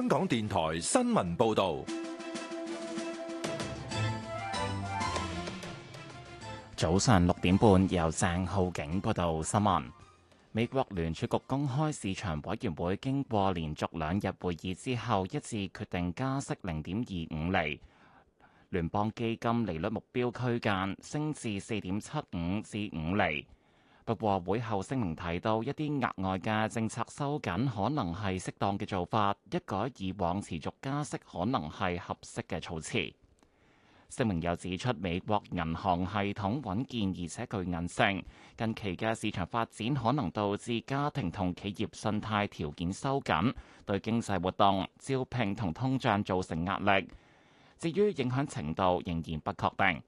香港電台新聞報道，早上六點半，由鄭浩景報道新聞。美國聯儲局公開市場委員會經過連續兩日會議之後，一致決定加息零點二五厘，聯邦基金利率目標區間升至四點七五至五厘。不過會後聲明提到一啲額外嘅政策收緊可能係適當嘅做法，一改以往持續加息可能係合適嘅措辭。聲明又指出，美國銀行系統穩健而且具韌性，近期嘅市場發展可能導致家庭同企業信貸條件收緊，對經濟活動、招聘同通脹造成壓力。至於影響程度，仍然不確定。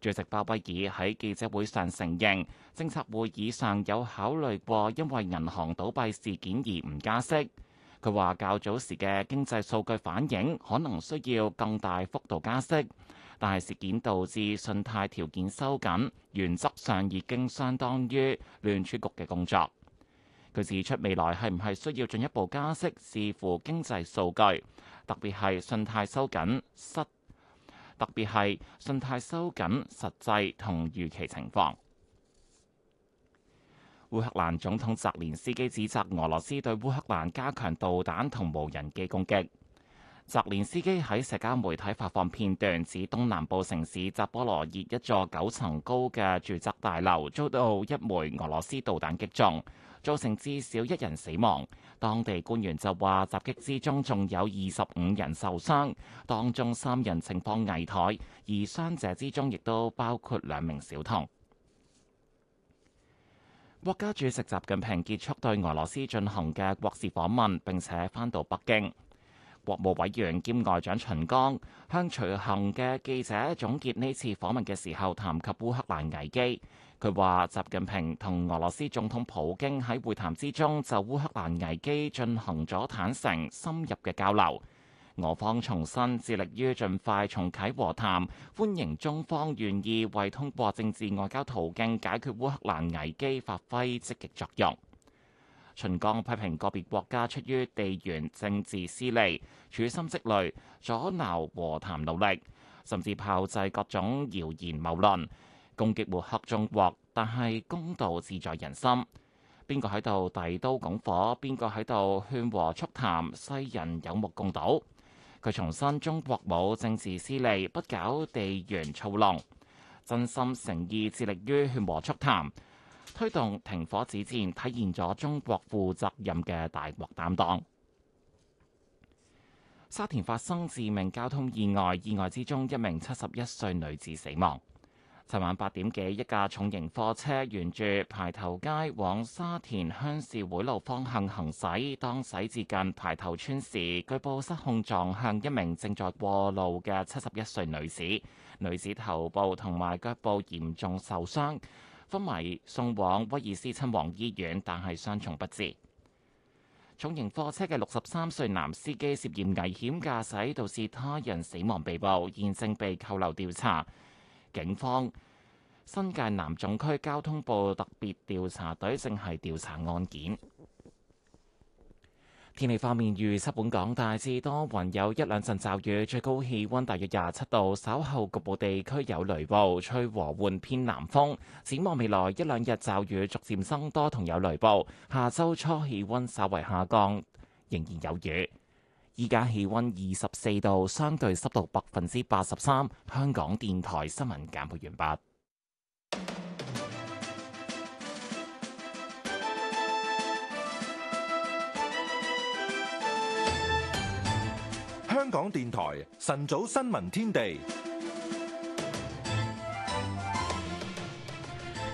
主席鮑威爾喺記者會上承認，政策會議上有考慮過因為銀行倒閉事件而唔加息。佢話較早時嘅經濟數據反映可能需要更大幅度加息，但係事件導致信貸條件收緊，原則上已經相當於聯儲局嘅工作。佢指出未來係唔係需要進一步加息，視乎經濟數據，特別係信貸收緊失。特別係信貸收緊實際同預期情況。烏克蘭總統澤連斯基指責俄羅斯對烏克蘭加強導彈同無人機攻擊。澤連斯基喺社交媒體發放片段，指東南部城市扎波羅熱一座九層高嘅住宅大樓遭到一枚俄羅斯導彈擊中，造成至少一人死亡。當地官員就話，襲擊之中仲有二十五人受傷，當中三人情況危殆，而傷者之中亦都包括兩名小童。國家主席習近平結束對俄羅斯進行嘅國事訪問，並且返到北京。國務委員兼外長秦剛向隨行嘅記者總結呢次訪問嘅時候，談及烏克蘭危機。佢話：習近平同俄羅斯總統普京喺會談之中就烏克蘭危機進行咗坦誠深入嘅交流。俄方重申致力於盡快重啟和談，歡迎中方願意為通過政治外交途徑解決烏克蘭危機發揮積極作用。秦剛批評個別國家出於地緣政治私利，處心積慮阻撓和談努力，甚至炮製各種謠言謬論。攻擊抹黑中國，但係公道自在人心。邊個喺度遞刀拱火，邊個喺度勸和促談，世人有目共睹。佢重申，中國冇政治私利，不搞地緣操弄，真心誠意致力於勸和促談，推動停火止戰，體現咗中國負責任嘅大國擔當。沙田發生致命交通意外，意外之中一名七十一歲女子死亡。尋晚八點幾，一架重型貨車沿住排頭街往沙田鄉事會路方向行駛，當駛至近排頭村時，據報失控撞向一名正在過路嘅七十一歲女子，女子頭部同埋腳部嚴重受傷，昏迷送往威爾斯親王醫院，但係傷重不治。重型貨車嘅六十三歲男司機涉嫌危險駕駛，導致他人死亡被捕，現正被扣留調查。警方新界南總區交通部特別調查隊正係調查案件。天氣方面預測本港大致多雲，有一兩陣驟雨，最高氣溫大約廿七度，稍後局部地區有雷暴，吹和緩偏南風。展望未來一兩日驟雨逐漸增多同有雷暴，下周初氣溫稍為下降，仍然有雨。依家氣温二十四度，相對濕度百分之八十三。香港電台新聞簡報完畢。香港電台晨早新聞天地。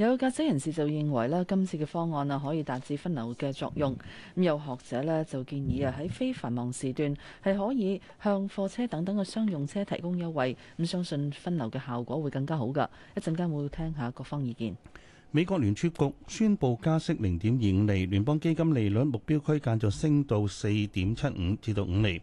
有駕駛人士就認為咧，今次嘅方案啊，可以達至分流嘅作用。咁有學者咧就建議啊，喺非繁忙時段係可以向貨車等等嘅商用車提供優惠。咁相信分流嘅效果會更加好噶。一陣間會聽下各方意見。美國聯儲局宣布加息零點二五厘，聯邦基金利率目標區間就升到四點七五至到五厘。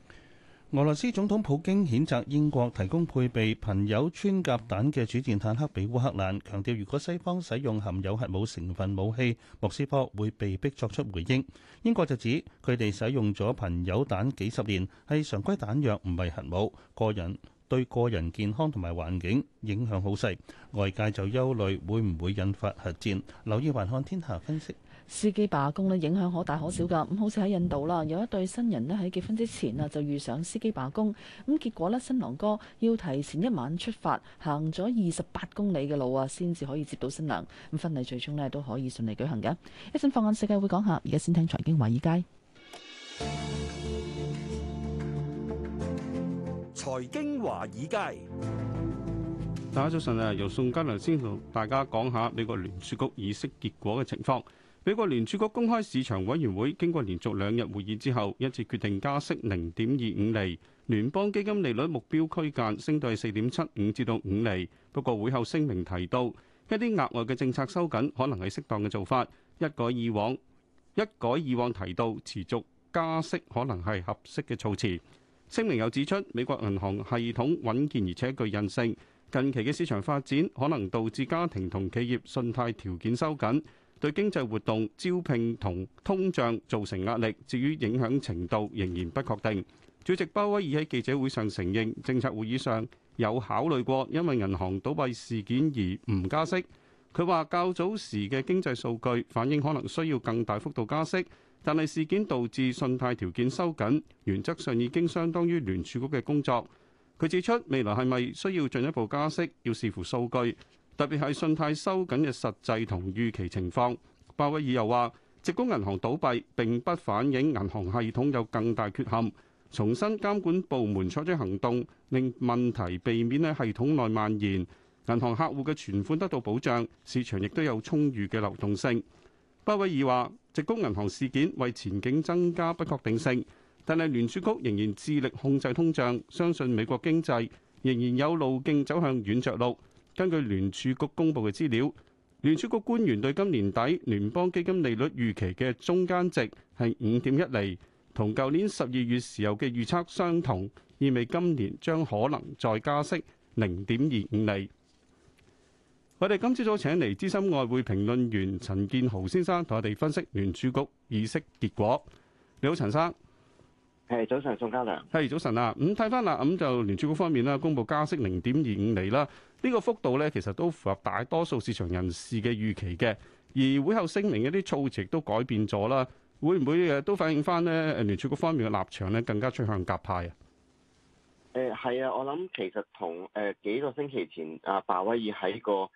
俄羅斯總統普京譴責英國提供配備貧鈾穿甲彈嘅主戰坦克俾烏克蘭，強調如果西方使用含有核武成分武器，莫斯科會被迫作出回應。英國就指佢哋使用咗貧鈾彈幾十年，係常規彈藥，唔係核武，個人對個人健康同埋環境影響好細。外界就憂慮會唔會引發核戰。留意環看天下分析。司機罷工咧，影響可大可小噶。咁好似喺印度啦，有一對新人咧，喺結婚之前啊，就遇上司機罷工。咁結果咧，新郎哥要提前一晚出發，行咗二十八公里嘅路啊，先至可以接到新娘。咁婚禮最終咧都可以順利舉行嘅。一陣放眼世界會講下，而家先聽財經華爾街。財經華爾街，大家早晨啊！由宋嘉良先同大家講下呢個聯儲局議息結果嘅情況。美國聯儲局公開市場委員會經過連續兩日會議之後，一致決定加息零點二五厘。聯邦基金利率目標區間升到四點七五至到五厘。不過，會後聲明提到一啲額外嘅政策收緊可能係適當嘅做法，一改以往，一改以往提到持續加息可能係合適嘅措辭。聲明又指出美國銀行系統穩健而且具韌性，近期嘅市場發展可能導致家庭同企業信貸條件收緊。對經濟活動、招聘同通脹造成壓力，至於影響程度仍然不確定。主席鮑威爾喺記者會上承認，政策會議上有考慮過，因為銀行倒閉事件而唔加息。佢話較早時嘅經濟數據反映可能需要更大幅度加息，但係事件導致信貸條件收緊，原則上已經相當於聯儲局嘅工作。佢指出未來係咪需要進一步加息，要視乎數據。特別係信貸收緊嘅實際同預期情況。鮑威爾又話，矽谷銀行倒閉並不反映銀行系統有更大缺陷，重新監管部門採取行動，令問題避免喺系統內蔓延，銀行客戶嘅存款得到保障，市場亦都有充裕嘅流動性。鮑威爾話，矽谷銀行事件為前景增加不確定性，但係聯儲局仍然致力控制通脹，相信美國經濟仍然有路徑走向軟着陸。根據聯儲局公布嘅資料，聯儲局官員對今年底聯邦基金利率預期嘅中間值係五點一厘，同舊年十二月時候嘅預測相同，意味今年將可能再加息零點二五厘。我哋今朝早請嚟資深外匯評論員陳建豪先生同我哋分析聯儲局議息結果。你好，陳生，係早上宋嘉良，係早晨啦。咁睇返啦，咁就聯儲局方面啦，公布加息零點二五厘啦。呢個幅度咧，其實都符合大多數市場人士嘅預期嘅。而會後聲明一啲措辭都改變咗啦，會唔會誒都反映翻咧？誒，聯儲局方面嘅立場咧，更加趨向鴿派啊？誒、呃，係啊，我諗其實同誒、呃、幾個星期前阿鮑、啊、威爾喺個誒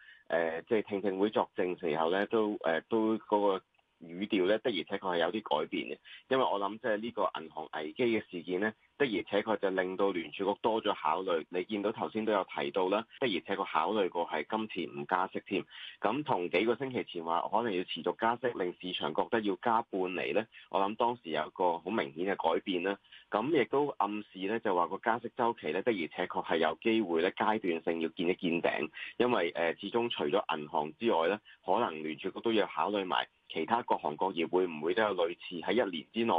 即係聽證會作證時候咧，都誒、呃、都嗰個語調咧的而且確係有啲改變嘅，因為我諗即係呢個銀行危機嘅事件咧。的而且確就令到聯儲局多咗考慮，你見到頭先都有提到啦。的而且確考慮過係今次唔加息添，咁同幾個星期前話可能要持續加息，令市場覺得要加半釐呢。我諗當時有一個好明顯嘅改變啦。咁亦都暗示呢，就話個加息周期呢的而且確係有機會呢階段性要見一見頂，因為誒始終除咗銀行之外呢，可能聯儲局都要考慮埋其他各行各業會唔會都有類似喺一年之內。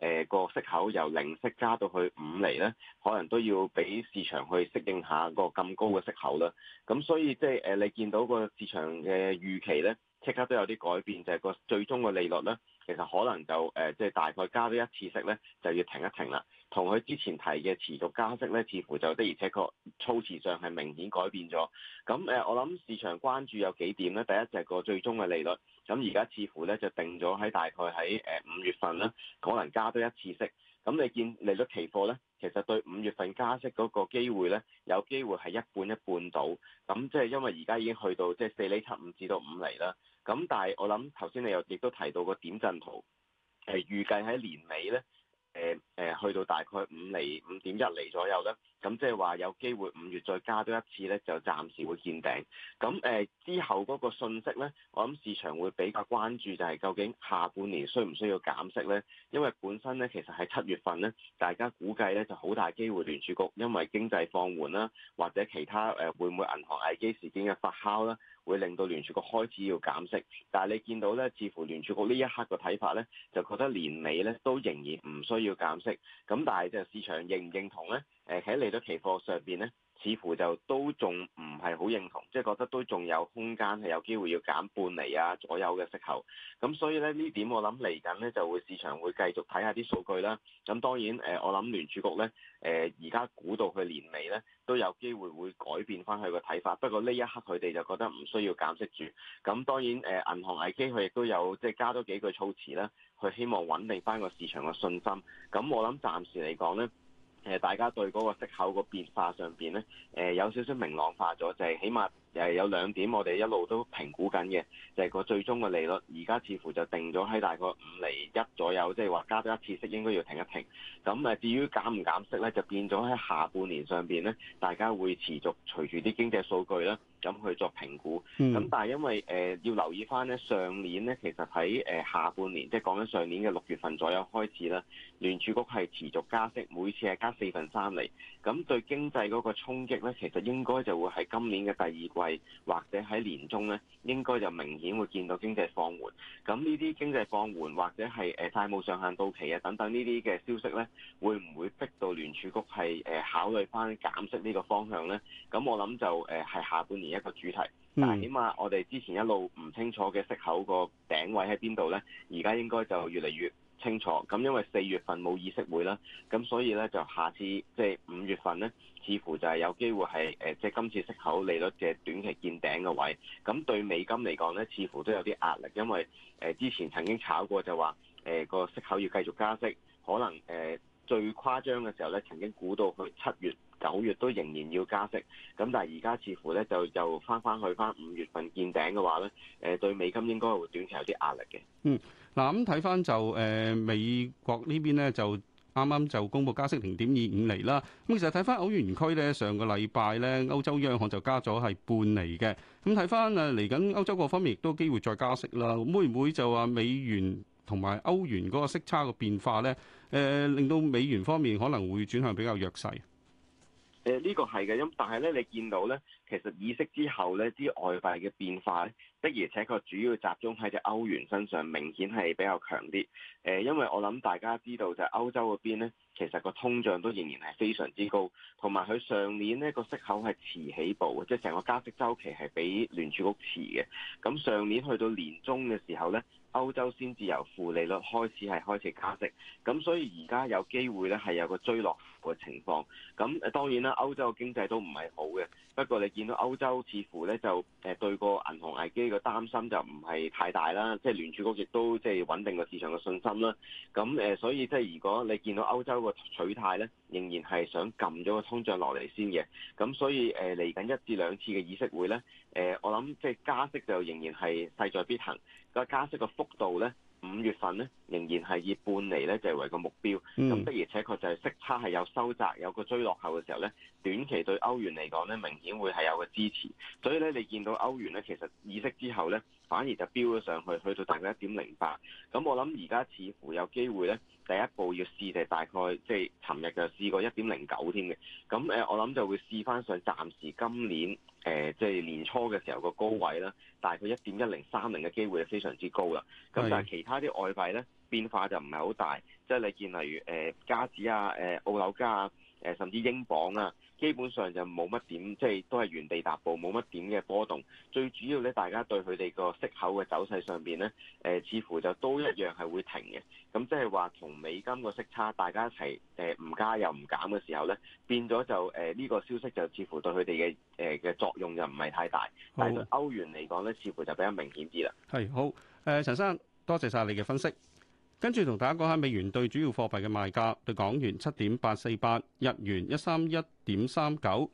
誒個、呃、息口由零息加到去五厘咧，可能都要俾市場去適應下個咁高嘅息口啦。咁所以即係誒，你見到個市場嘅預期咧，即刻都有啲改變，就係、是、個最終嘅利率咧，其實可能就誒，即、呃、係、就是、大概加咗一次息咧，就要停一停啦。同佢之前提嘅持續加息咧，似乎就的而且確措辭上係明顯改變咗。咁誒、呃，我諗市場關注有幾點咧？第一就係、是、個最終嘅利率。咁而家似乎咧就定咗喺大概喺誒五月份啦，可能加多一次息。咁你見利率期貨咧，其實對五月份加息嗰個機會咧，有機會係一半一半到。咁即係因為而家已經去到即係四厘七五至到五厘啦。咁但係我諗頭先你又亦都提到個點陣圖，係預計喺年尾咧，誒、呃、誒去到大概五厘、五點一厘左右咧。咁即係話有機會五月再加多一次咧，就暫時會見頂。咁誒、呃、之後嗰個訊息呢，我諗市場會比較關注就係究竟下半年需唔需要減息呢？因為本身呢，其實喺七月份呢，大家估計呢就好大機會聯儲局因為經濟放緩啦、啊，或者其他誒、呃、會唔會銀行危機事件嘅發酵啦、啊，會令到聯儲局開始要減息。但係你見到呢，似乎聯儲局呢一刻嘅睇法呢，就覺得年尾呢都仍然唔需要減息。咁但係就市場認唔認同呢？誒喺嚟到期貨上邊咧，似乎就都仲唔係好認同，即係覺得都仲有空間係有機會要減半厘啊左右嘅息口。咁所以咧，呢點我諗嚟緊咧就會市場會繼續睇下啲數據啦。咁當然誒，我諗聯儲局咧誒，而家估到佢年尾咧都有機會會改變翻佢個睇法。不過呢一刻佢哋就覺得唔需要減息住。咁當然誒呃、銀行危機佢亦都有即係加多幾句措辭啦，佢希望穩定翻個市場嘅信心。咁我諗暫時嚟講咧。誒，大家對嗰個息口個變化上邊咧，誒、呃、有少少明朗化咗，就係、是、起碼誒有兩點我哋一路都評估緊嘅，就係、是、個最終嘅利率，而家似乎就定咗喺大概五厘一左右，即係話加多一次息應該要停一停。咁誒，至於減唔減息咧，就變咗喺下半年上邊咧，大家會持續隨住啲經濟數據咧。咁去作評估，咁、嗯、但係因為誒、呃、要留意翻咧，上年咧其實喺誒、呃、下半年，即係講緊上年嘅六月份左右開始啦，聯儲局係持續加息，每次係加四分三厘。咁對經濟嗰個衝擊呢，其實應該就會係今年嘅第二季或者喺年中呢，應該就明顯會見到經濟放緩。咁呢啲經濟放緩或者係誒債務上限到期啊等等呢啲嘅消息呢，會唔會逼到聯儲局係誒考慮翻減息呢個方向呢？咁我諗就誒係下半年一個主題。但係起碼我哋之前一路唔清楚嘅息口個頂位喺邊度呢，而家應該就越嚟越清楚。咁因為四月份冇議息會啦，咁所以咧就下次即係五月份咧，似乎就係有機會係誒，即係今次息口利率嘅短期見頂嘅位。咁對美金嚟講咧，似乎都有啲壓力，因為誒之前曾經炒過就話誒個息口要繼續加息，可能誒最誇張嘅時候咧，曾經估到去七月、九月都仍然要加息。咁但係而家似乎咧就又返返去返五月份見頂嘅話咧，誒對美金應該會短期有啲壓力嘅。嗯。嗱咁睇翻就誒美國呢邊咧就啱啱就公布加息零點二五厘啦。咁其實睇翻歐元區咧，上個禮拜咧歐洲央行就加咗係半厘嘅。咁睇翻誒嚟緊歐洲各方面亦都機會再加息啦。會唔會就話美元同埋歐元嗰個息差嘅變化咧，誒令到美元方面可能會轉向比較弱勢？誒呢、呃這個係嘅，因但係呢，你見到呢，其實意識之後呢啲外幣嘅變化，呢，的而且確主要集中喺隻歐元身上，明顯係比較強啲。誒、呃，因為我諗大家知道就係歐洲嗰邊咧，其實個通脹都仍然係非常之高，同埋佢上年呢、那個息口係遲起步，即係成個加息周期係比聯儲局遲嘅。咁上年去到年中嘅時候呢。歐洲先至由負利率開始係開始加息，咁所以而家有機會咧係有個追落嘅情況。咁當然啦，歐洲嘅經濟都唔係好嘅，不過你見到歐洲似乎咧就誒對個銀行危機嘅擔心就唔係太大啦。即係聯儲局亦都即係穩定個市場嘅信心啦。咁誒，所以即係如果你見到歐洲個取態咧，仍然係想撳咗個通脹落嚟先嘅。咁所以誒嚟緊一至兩次嘅議息會咧。誒、呃，我諗即係加息就仍然係勢在必行。個加息個幅度咧，五月份咧仍然係以半厘咧就係、是、為個目標。咁、嗯、的而且確就係息差係有收窄，有個追落後嘅時候咧，短期對歐元嚟講咧明顯會係有個支持。所以咧，你見到歐元咧，其實議息之後咧。反而就飆咗上去，去到大概一點零八。咁我諗而家似乎有機會呢第一步要試就係大概即係尋日就試、是、過一點零九添嘅。咁誒，我諗就會試翻上暫時今年誒即係年初嘅時候個高位啦，大概一點一零三零嘅機會係非常之高啦。咁是但係其他啲外幣呢變化就唔係好大，即、就、係、是、你見例如誒、呃、加紙啊、誒、呃、澳紐加啊、誒、呃、甚至英鎊啊。基本上就冇乜點，即係都係原地踏步，冇乜點嘅波動。最主要咧，大家對佢哋個息口嘅走勢上邊咧，誒似乎就都一樣係會停嘅。咁即係話同美金個息差，大家一齊誒唔加又唔減嘅時候咧，變咗就誒呢個消息就似乎對佢哋嘅誒嘅作用就唔係太大。但係對歐元嚟講咧，似乎就比較明顯啲啦。係好誒，陳生，多謝晒你嘅分析。跟住同大家講下美元對主要貨幣嘅賣價，對港元七點八四八，日元一三一點三九，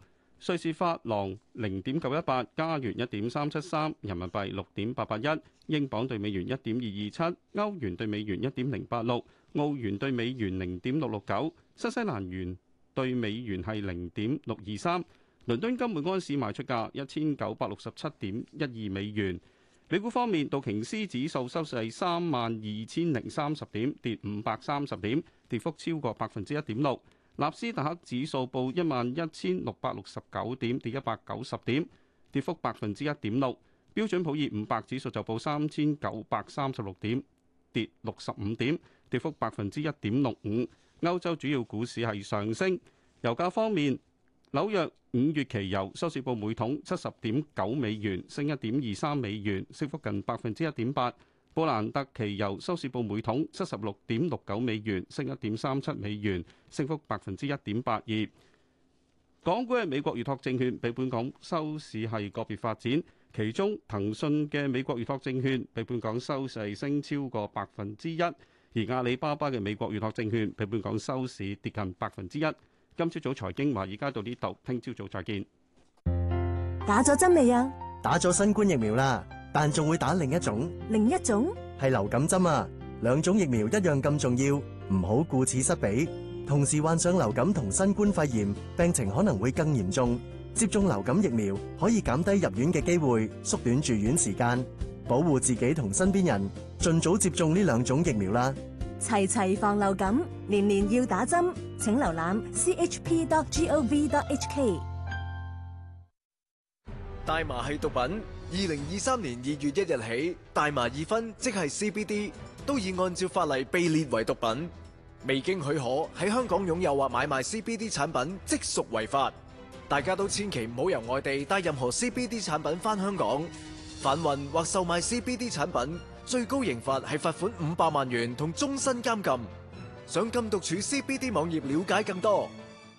瑞士法郎零點九一八，加元一點三七三，人民幣六點八八一，英鎊對美元一點二二七，歐元對美元一點零八六，澳元對美元零點六六九，新西蘭元對美元係零點六二三，倫敦金本安市賣出價一千九百六十七點一二美元。美股方面，道瓊斯指數收市三萬二千零三十點，跌五百三十點，跌幅超過百分之一點六。納斯達克指數報一萬一千六百六十九點，跌一百九十點，跌幅百分之一點六。標準普爾五百指數就報三千九百三十六點，跌六十五點，跌幅百分之一點六五。歐洲主要股市係上升。油價方面。紐約五月期油收市報每桶七十點九美元，升一點二三美元，升幅近百分之一點八。布蘭特期油收市報每桶七十六點六九美元，升一點三七美元，升幅百分之一點八二。港股嘅美國預託證券比本港收市係個別發展，其中騰訊嘅美國預託證券比本港收市升超過百分之一，而阿里巴巴嘅美國預託證券比本港收市跌近百分之一。今朝早財經話，而家到呢度，聽朝早再見。打咗針未啊？打咗新冠疫苗啦，但仲會打另一種，另一種係流感針啊。兩種疫苗一樣咁重要，唔好顧此失彼。同時患上流感同新冠肺炎，病情可能會更嚴重。接種流感疫苗可以減低入院嘅機會，縮短住院時間，保護自己同身邊人。盡早接種呢兩種疫苗啦。齊齊防流感，年年要打針，請瀏覽 c h p dot g o v dot h k。大麻係毒品，二零二三年二月一日起，大麻二酚即係 C B D，都已按照法例被列為毒品。未經許可喺香港擁有或買賣 C B D 產品，即屬違法。大家都千祈唔好由外地帶任何 C B D 產品返香港，販運或售賣 C B D 產品，最高刑罰係罰款五百萬元同終身監禁。上禁毒處 CBD 網頁了解更多。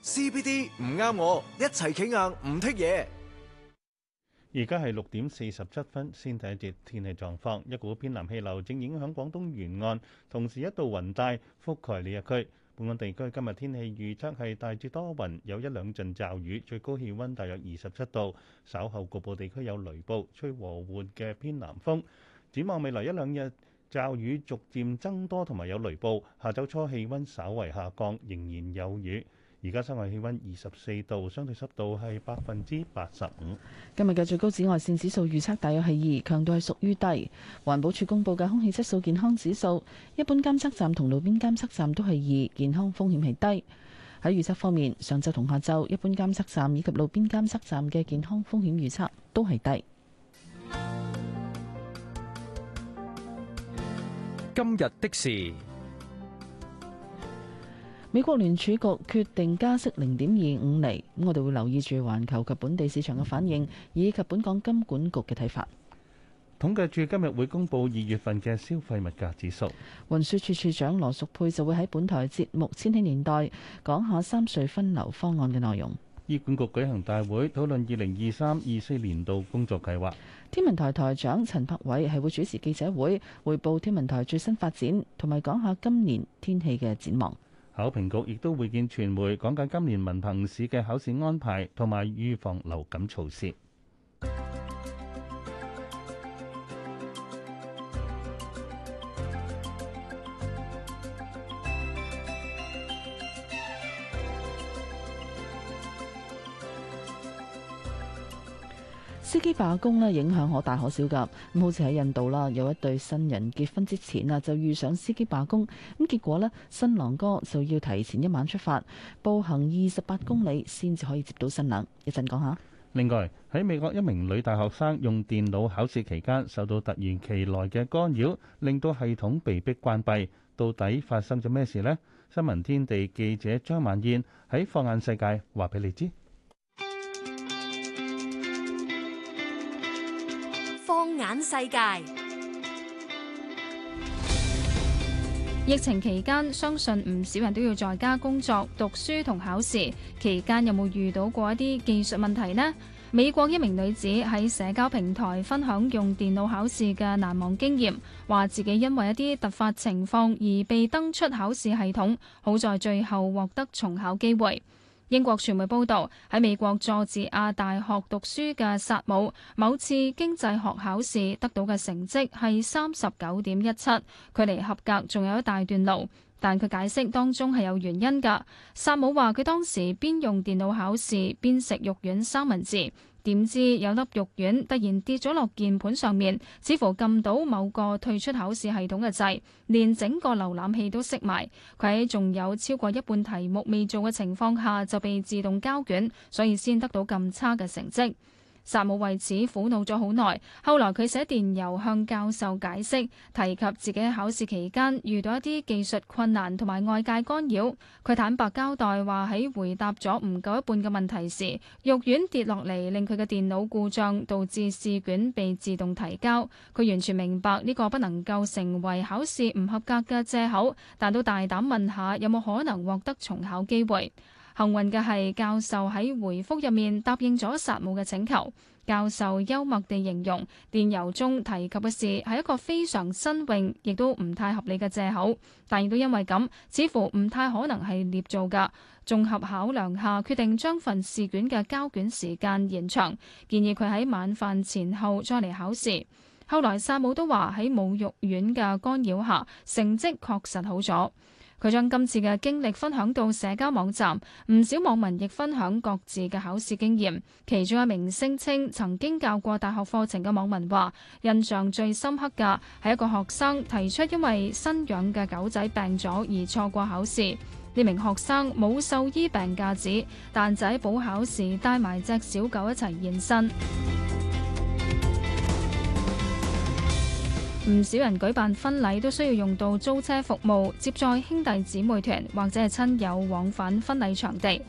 CBD 唔啱我，一齊企硬唔踢嘢。而家係六點四十七分，先睇一節天氣狀況。一股偏南氣流正影響廣東沿岸，同時一道雲帶覆蓋呢一區。本港地區今日天氣預測係大致多雲，有一兩陣驟雨，最高氣溫大約二十七度。稍後局部地區有雷暴，吹和緩嘅偏南風。展望未來一兩日，驟雨逐漸增多，同埋有雷暴。下週初氣温稍為下降，仍然有雨。而家室外氣温二十四度，相對濕度係百分之八十五。今日嘅最高紫外線指數預測大約係二，強度係屬於低。環保署公佈嘅空氣質素健康指數，一般監測站同路邊監測站都係二，健康風險係低。喺預測方面，上晝同下晝，一般監測站以及路邊監測站嘅健康風險預測都係低。今日的事，美國聯儲局決定加息零點二五厘，我哋會留意住環球及本地市場嘅反應，以及本港金管局嘅睇法。統計處今日會公布二月份嘅消費物價指數。運輸署署長羅淑佩就會喺本台節目《千禧年代》講下三隧分流方案嘅內容。醫管局舉行大會，討論二零二三、二四年度工作計劃。天文台台長陳柏偉係會主持記者會，匯報天文台最新發展，同埋講下今年天氣嘅展望。考評局亦都會見傳媒，講解今年文憑試嘅考試安排，同埋預防流感措施。司機罷工呢，影響可大可小噶。咁好似喺印度啦，有一對新人結婚之前啊，就遇上司機罷工，咁結果呢，新郎哥就要提前一晚出發，步行二十八公里先至可以接到新娘。一陣講下。另外喺美國，一名女大學生用電腦考試期間受到突然其來嘅干擾，令到系統被逼關閉。到底發生咗咩事呢？新聞天地記者張萬燕喺放眼世界話俾你知。世界。疫情期間，相信唔少人都要在家工作、讀書同考試。期間有冇遇到過一啲技術問題呢？美國一名女子喺社交平台分享用電腦考試嘅難忘經驗，話自己因為一啲突發情況而被登出考試系統，好在最後獲得重考機會。英國傳媒報道，喺美國佐治亞大學讀書嘅薩姆，某次經濟學考試得到嘅成績係三十九點一七，距離合格仲有一大段路。但佢解釋當中係有原因㗎。薩姆話，佢當時邊用電腦考試，邊食肉丸三文治。點知有粒肉丸突然跌咗落鍵盤上面，似乎撳到某個退出考試系統嘅掣，連整個瀏覽器都熄埋。佢喺仲有超過一半題目未做嘅情況下就被自動交卷，所以先得到咁差嘅成績。薩姆為此苦惱咗好耐，後來佢寫電郵向教授解釋，提及自己考試期間遇到一啲技術困難同埋外界干擾。佢坦白交代話喺回答咗唔夠一半嘅問題時，肉丸跌落嚟令佢嘅電腦故障，導致試卷被自動提交。佢完全明白呢個不能夠成為考試唔合格嘅借口，但都大膽問下有冇可能獲得重考機會。幸運嘅係，教授喺回覆入面答應咗薩姆嘅請求。教授幽默地形容，電郵中提及嘅事係一個非常新穎，亦都唔太合理嘅借口，但亦都因為咁，似乎唔太可能係捏造嘅。綜合考量下，決定將份試卷嘅交卷時間延長，建議佢喺晚飯前後再嚟考試。後來薩姆都話，喺侮辱院嘅干擾下，成績確實好咗。佢將今次嘅經歷分享到社交網站，唔少網民亦分享各自嘅考試經驗。其中一名聲稱曾經教過大學課程嘅網民話，印象最深刻嘅係一個學生提出因為新養嘅狗仔病咗而錯過考試。呢名學生冇獸醫病假紙，但仔補考時帶埋隻小狗一齊現身。唔少人舉辦婚禮都需要用到租車服務，接載兄弟姊妹團或者係親友往返婚禮場地。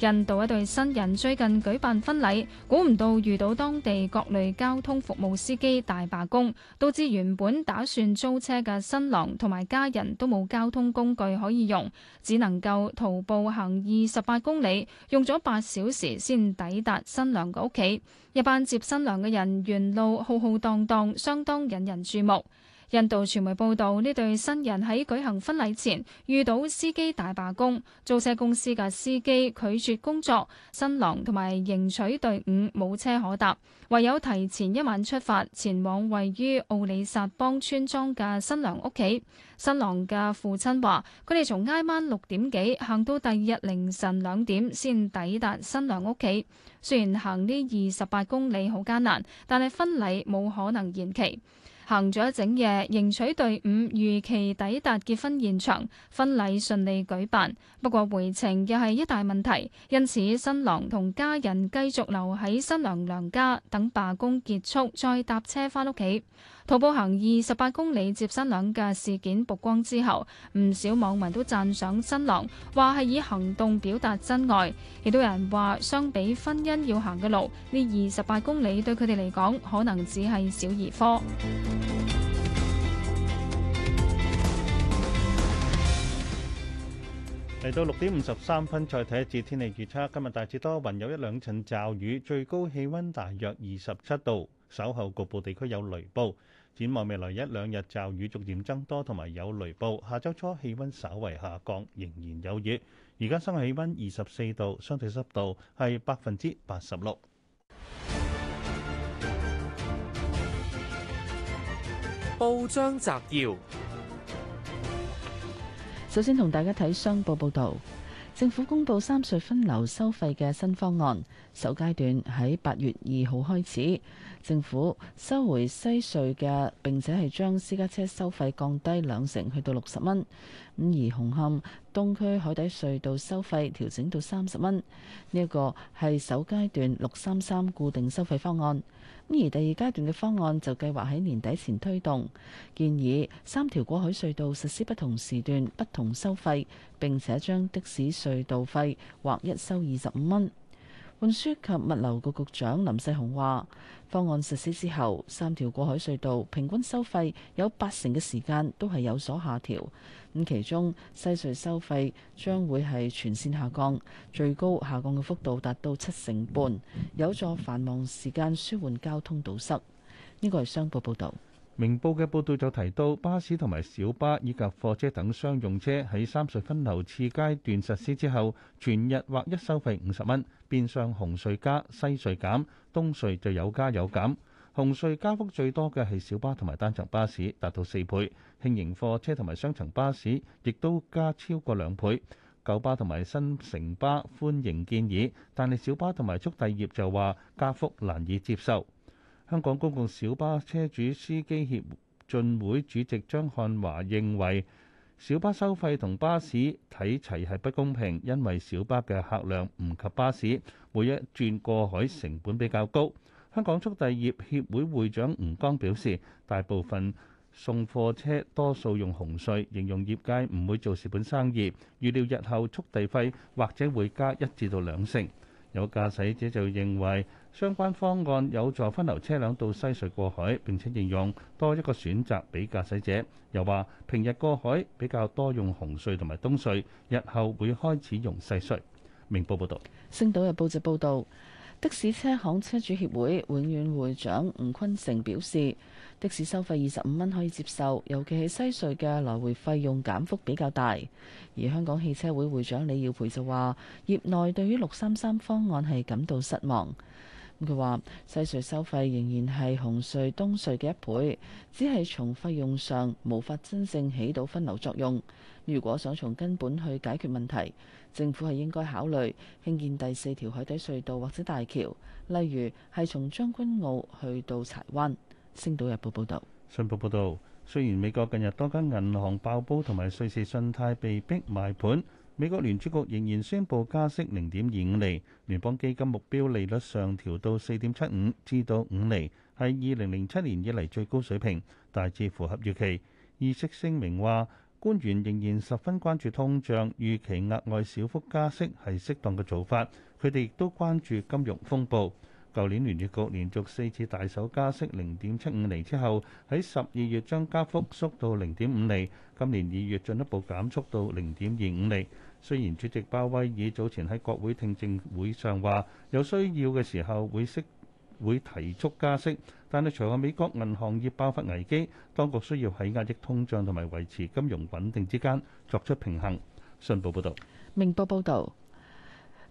印度一對新人最近舉辦婚禮，估唔到遇到當地各類交通服務司機大罷工，導致原本打算租車嘅新郎同埋家人都冇交通工具可以用，只能夠徒步行二十八公里，用咗八小時先抵達新娘嘅屋企。一班接新娘嘅人沿路浩浩蕩蕩，相當引人注目。印度傳媒報道，呢對新人喺舉行婚禮前遇到司機大罷工，租車公司嘅司機拒絕工作，新郎同埋迎娶隊伍冇車可搭，唯有提前一晚出發前往位於奧里薩邦村莊嘅新娘屋企。新郎嘅父親話，佢哋從挨晚六點幾行到第二日凌晨兩點先抵達新娘屋企。雖然行呢二十八公里好艱難，但係婚禮冇可能延期。行咗一整夜，迎娶隊伍如期抵達結婚現場，婚禮順利舉辦。不過回程又係一大問題，因此新郎同家人繼續留喺新娘娘家，等罷工結束再搭車返屋企。徒步行二十八公里接新娘嘅事件曝光之後，唔少網民都讚賞新郎，話係以行動表達真愛，亦都有人話相比婚姻要行嘅路，呢二十八公里對佢哋嚟講可能只係小兒科。嚟到六點五十三分，再睇一次天氣預測，今日大致多雲有一兩陣驟雨，最高氣溫大約二十七度。稍後局部地區有雷暴。展望未來一兩日，驟雨逐漸增多，同埋有雷暴。下週初氣温稍為下降，仍然有雨。而家室外氣温二十四度，相對濕度係百分之八十六。報章摘要，首先同大家睇商報報導。政府公布三隧分流收費嘅新方案，首階段喺八月二號開始。政府收回西隧嘅，並且係將私家車收費降低兩成，去到六十蚊。咁而紅磡東區海底隧道收費調整到三十蚊。呢一個係首階段六三三固定收費方案。而第二階段嘅方案就計劃喺年底前推動，建議三條過海隧道實施不同時段不同收費，並且將的士隧道費劃一收二十五蚊。運輸及物流局局長林世雄話，方案實施之後，三條過海隧道平均收費有八成嘅時間都係有所下調。咁其中西隧收費將會係全線下降，最高下降嘅幅度達到七成半，有助繁忙時間舒緩交通堵塞。呢個係商報報道。明報嘅報道就提到，巴士同埋小巴以及貨車等商用車喺三隧分流次階段實施之後，全日或一收費五十蚊，變相紅隧加、西隧減、東隧就有加有減。紅隧加幅最多嘅係小巴同埋單層巴士，達到四倍；輕型貨車同埋雙層巴士亦都加超過兩倍。九巴同埋新城巴歡迎建議，但係小巴同埋速遞業就話加幅難以接受。香港公共小巴車主司機協進會主席張漢華認為小巴收費同巴士睇齊係不公平，因為小巴嘅客量唔及巴士，每一轉過海成本比較高。香港速遞業協會會長吳光表示，大部分送貨車多數用紅隧，形容業界唔會做蝕本生意，預料日後速遞費或者會加一至到兩成。有駕駛者就認為相關方案有助分流車輛到西隧過海，並且應用多一個選擇俾駕駛者。又話平日過海比較多用紅隧同埋東隧，日後會開始用西隧。明報報道。《星島日報》就報道，的士車行車主協會永遠會長吳坤成表示。的士收費二十五蚊可以接受，尤其係西隧嘅來回費用減幅比較大。而香港汽車會會長李耀培就話，業內對於六三三方案係感到失望。佢話，西隧收費仍然係紅隧、東隧嘅一倍，只係從費用上無法真正起到分流作用。如果想從根本去解決問題，政府係應該考慮興建第四條海底隧道或者大橋，例如係從將軍澳去到柴灣。星島日報報道，信報報道，雖然美國近日多間銀行爆煲，同埋瑞士信貸被逼賣盤，美國聯儲局仍然宣布加息零點二五釐，聯邦基金目標利率上調到四點七五至到五釐，係二零零七年以嚟最高水平，大致符合預期。議息聲明話，官員仍然十分關注通脹，預期額外小幅加息係適當嘅做法，佢哋亦都關注金融風暴。舊年聯儲局連續四次大手加息零點七五釐之後，喺十二月將加幅縮到零點五釐，今年二月進一步減速到零點二五釐。雖然主席鮑威爾早前喺國會聽證會上話，有需要嘅時候會適會提速加息，但係除咗美國銀行業爆發危機，當局需要喺壓抑通脹同埋維持金融穩定之間作出平衡。信報報導，明報報導。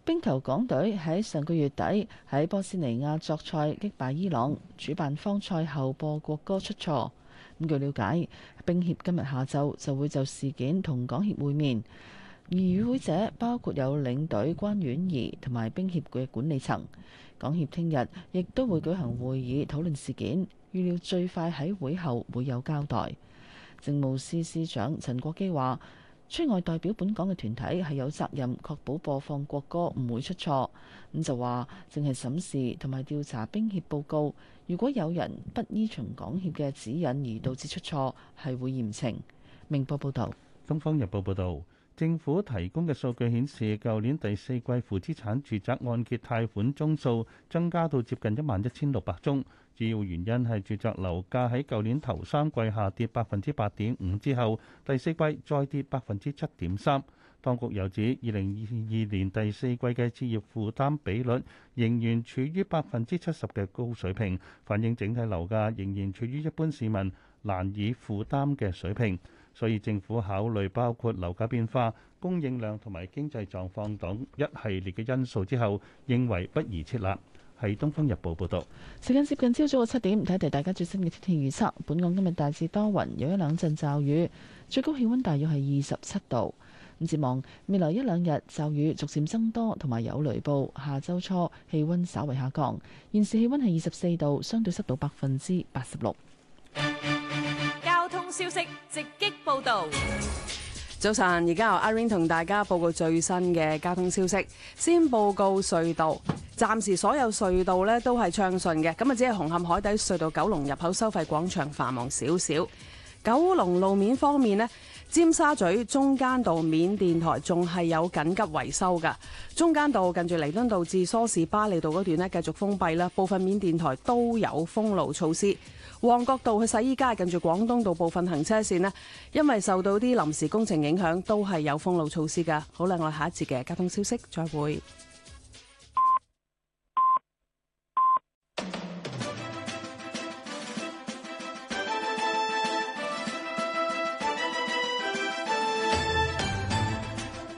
冰球港隊喺上個月底喺波斯尼亞作賽擊敗伊朗，主辦方賽後播國歌出錯。咁據瞭解，冰協今日下晝就會就事件同港協會面，而與會者包括有領隊關婉怡同埋冰協嘅管理層。港協聽日亦都會舉行會議討論事件，預料最快喺會後會有交代。政務司司長陳國基話。出外代表本港嘅團體係有責任確保播放國歌唔會出錯，咁就話正係審視同埋調查冰協報告。如果有人不依循港協嘅指引而導致出錯，係會嚴懲。明報報道。《東方日報》報道，政府提供嘅數據顯示，舊年第四季負資產住宅按揭貸款宗數增加到接近一萬一千六百宗。主要原因係住宅樓價喺舊年頭三季下跌百分之八點五之後，第四季再跌百分之七點三。當局又指，二零二二年第四季嘅置業負擔比率仍然處於百分之七十嘅高水平，反映整體樓價仍然處於一般市民難以負擔嘅水平。所以政府考慮包括樓價變化、供應量同埋經濟狀況等一系列嘅因素之後，認為不宜撤辣。係《東方日報》報道，時間接近朝早嘅七點，睇下大家最新嘅天氣預測。本港今日大致多雲，有一兩陣驟雨，最高氣溫大約係二十七度。咁展望未來一兩日驟雨逐漸增多，同埋有雷暴。下周初氣溫稍為下降，現時氣溫係二十四度，相對濕度百分之八十六。交通消息直擊報道。早晨，而家由阿 r i n g 同大家報告最新嘅交通消息。先報告隧道，暫時所有隧道咧都係暢順嘅，咁啊只係紅磡海底隧道九龍入口收費廣場繁忙少少。九龍路面方面咧，尖沙咀中間道、緬甸台仲係有緊急維修嘅。中間道近住黎敦道至梳士巴利道嗰段咧繼續封閉啦，部分緬甸台都有封路措施。旺角道去洗衣街近住廣東道部分行車線咧，因為受到啲臨時工程影響，都係有封路措施噶。好啦，我哋下一節嘅交通消息再會。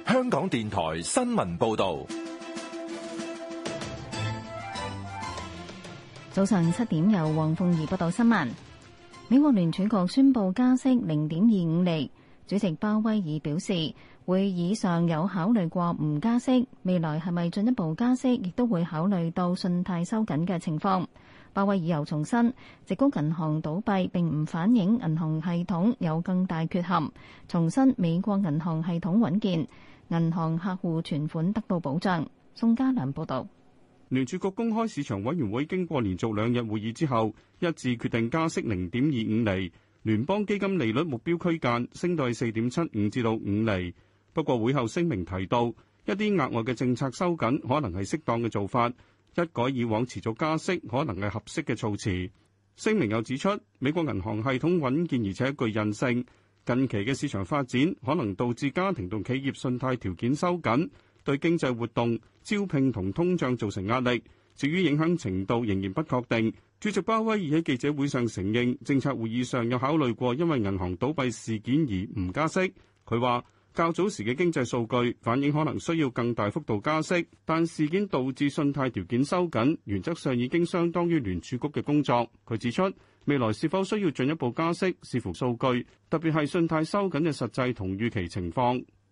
香港電台新聞報道。早上七點，由黃鳳儀報道新聞。美國聯儲局宣佈加息零點二五厘，主席鮑威爾表示，會議上有考慮過唔加息，未來係咪進一步加息，亦都會考慮到信貸收緊嘅情況。鮑威爾又重申，直沽銀行倒閉並唔反映銀行系統有更大缺陷，重申美國銀行系統穩健，銀行客戶存款得到保障。宋嘉良報道。聯儲局公開市場委員會經過連續兩日會議之後，一致決定加息零點二五厘，聯邦基金利率目標區間升到四點七五至到五厘。不過會後聲明提到，一啲額外嘅政策收緊可能係適當嘅做法，一改以往持續加息可能係合適嘅措辭。聲明又指出，美國銀行系統穩健而且具韌性，近期嘅市場發展可能導致家庭同企業信貸條件收緊。對經濟活動、招聘同通脹造成壓力，至於影響程度仍然不確定。主席鮑威爾喺記者會上承認，政策會議上有考慮過因為銀行倒閉事件而唔加息。佢話：較早時嘅經濟數據反映可能需要更大幅度加息，但事件導致信貸條件收緊，原則上已經相當於聯儲局嘅工作。佢指出，未來是否需要進一步加息，視乎數據，特別係信貸收緊嘅實際同預期情況。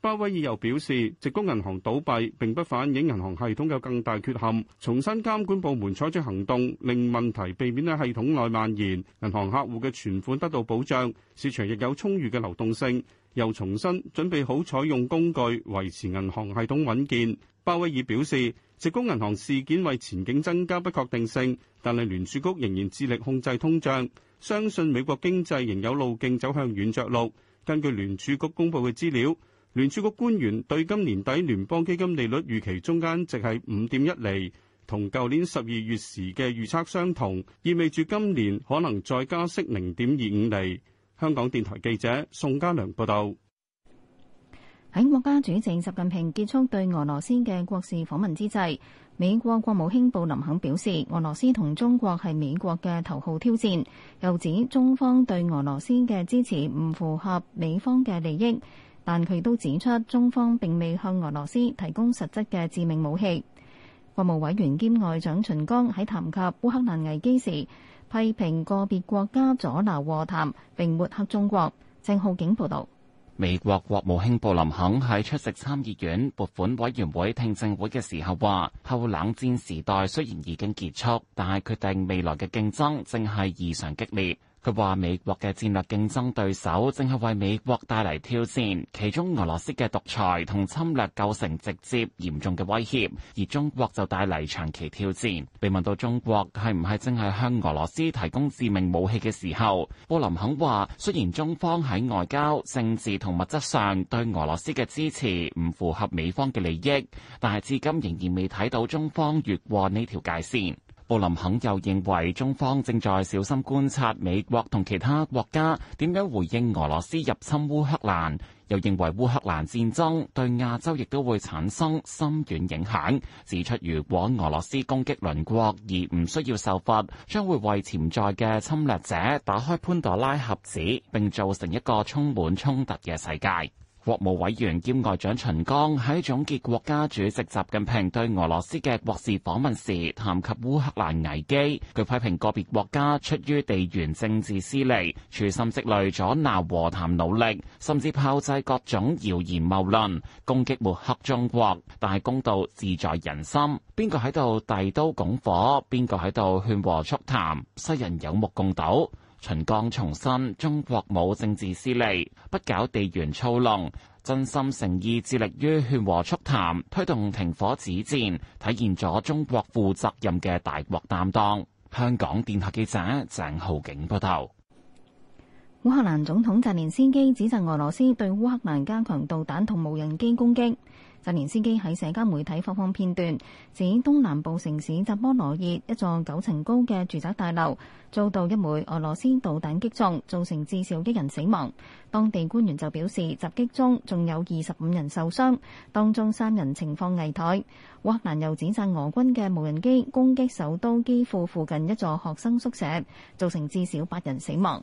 鮑威爾又表示，矽谷銀行倒閉並不反映銀行系統有更大缺陷，重申監管部門採取行動，令問題避免喺系統內蔓延，銀行客戶嘅存款得到保障，市場亦有充裕嘅流動性。又重申準備好採用工具維持銀行系統穩健。鮑威爾表示，矽谷銀行事件為前景增加不確定性，但係聯儲局仍然致力控制通脹，相信美國經濟仍有路徑走向軟著陸。根據聯儲局公布嘅資料。聯儲局官員對今年底聯邦基金利率預期中間值係五點一厘，同舊年十二月時嘅預測相同，意味住今年可能再加息零點二五厘。香港電台記者宋家良報道。喺國家主席習近平結束對俄羅斯嘅國事訪問之際，美國國務卿布林肯表示，俄羅斯同中國係美國嘅頭號挑戰，又指中方對俄羅斯嘅支持唔符合美方嘅利益。但佢都指出，中方並未向俄羅斯提供實質嘅致命武器。國務委員兼外長秦剛喺談及烏克蘭危機時批評個別國家阻撓和談，並抹黑中國，鄭浩景報道。美國國務卿布林肯喺出席參議院撥款委員會聽證會嘅時候話，後冷戰時代雖然已經結束，但係決定未來嘅競爭正係異常激烈。佢話：美國嘅戰略競爭對手正係為美國帶嚟挑戰，其中俄羅斯嘅獨裁同侵略構成直接嚴重嘅威脅，而中國就帶嚟長期挑戰。被問到中國係唔係正係向俄羅斯提供致命武器嘅時候，布林肯話：雖然中方喺外交、政治同物質上對俄羅斯嘅支持唔符合美方嘅利益，但係至今仍然未睇到中方越過呢條界線。布林肯又認為中方正在小心觀察美國同其他國家點樣回應俄羅斯入侵烏克蘭，又認為烏克蘭戰爭對亞洲亦都會產生深遠影響，指出如果俄羅斯攻擊鄰國而唔需要受罰，將會為潛在嘅侵略者打開潘多拉盒子，並造成一個充滿衝突嘅世界。國務委員兼外長秦剛喺總結國家主席習近平對俄羅斯嘅國事訪問時，談及烏克蘭危機，佢批評個別國家出於地緣政治私利，處心積慮阻撓和談努力，甚至炮製各種謠言謬論，攻擊抹黑中國。但係公道自在人心，邊個喺度遞刀拱火，邊個喺度勸和促談，世人有目共睹。秦剛重申中國冇政治私利，不搞地緣操弄，真心誠意致力於勸和促談，推動停火止戰，體現咗中國負責任嘅大國擔當。香港電台記者鄭浩景報道。烏克蘭總統澤連斯基指責俄羅斯對烏克蘭加強導彈同無人機攻擊。澤連斯基喺社交媒體發放片段，指東南部城市扎波羅熱一座九層高嘅住宅大樓遭到一枚俄羅斯導彈擊中，造成至少一人死亡。當地官員就表示，襲擊中仲有二十五人受傷，當中三人情況危殆。烏克蘭又指責俄軍嘅無人機攻擊首都基輔附近一座學生宿舍，造成至少八人死亡。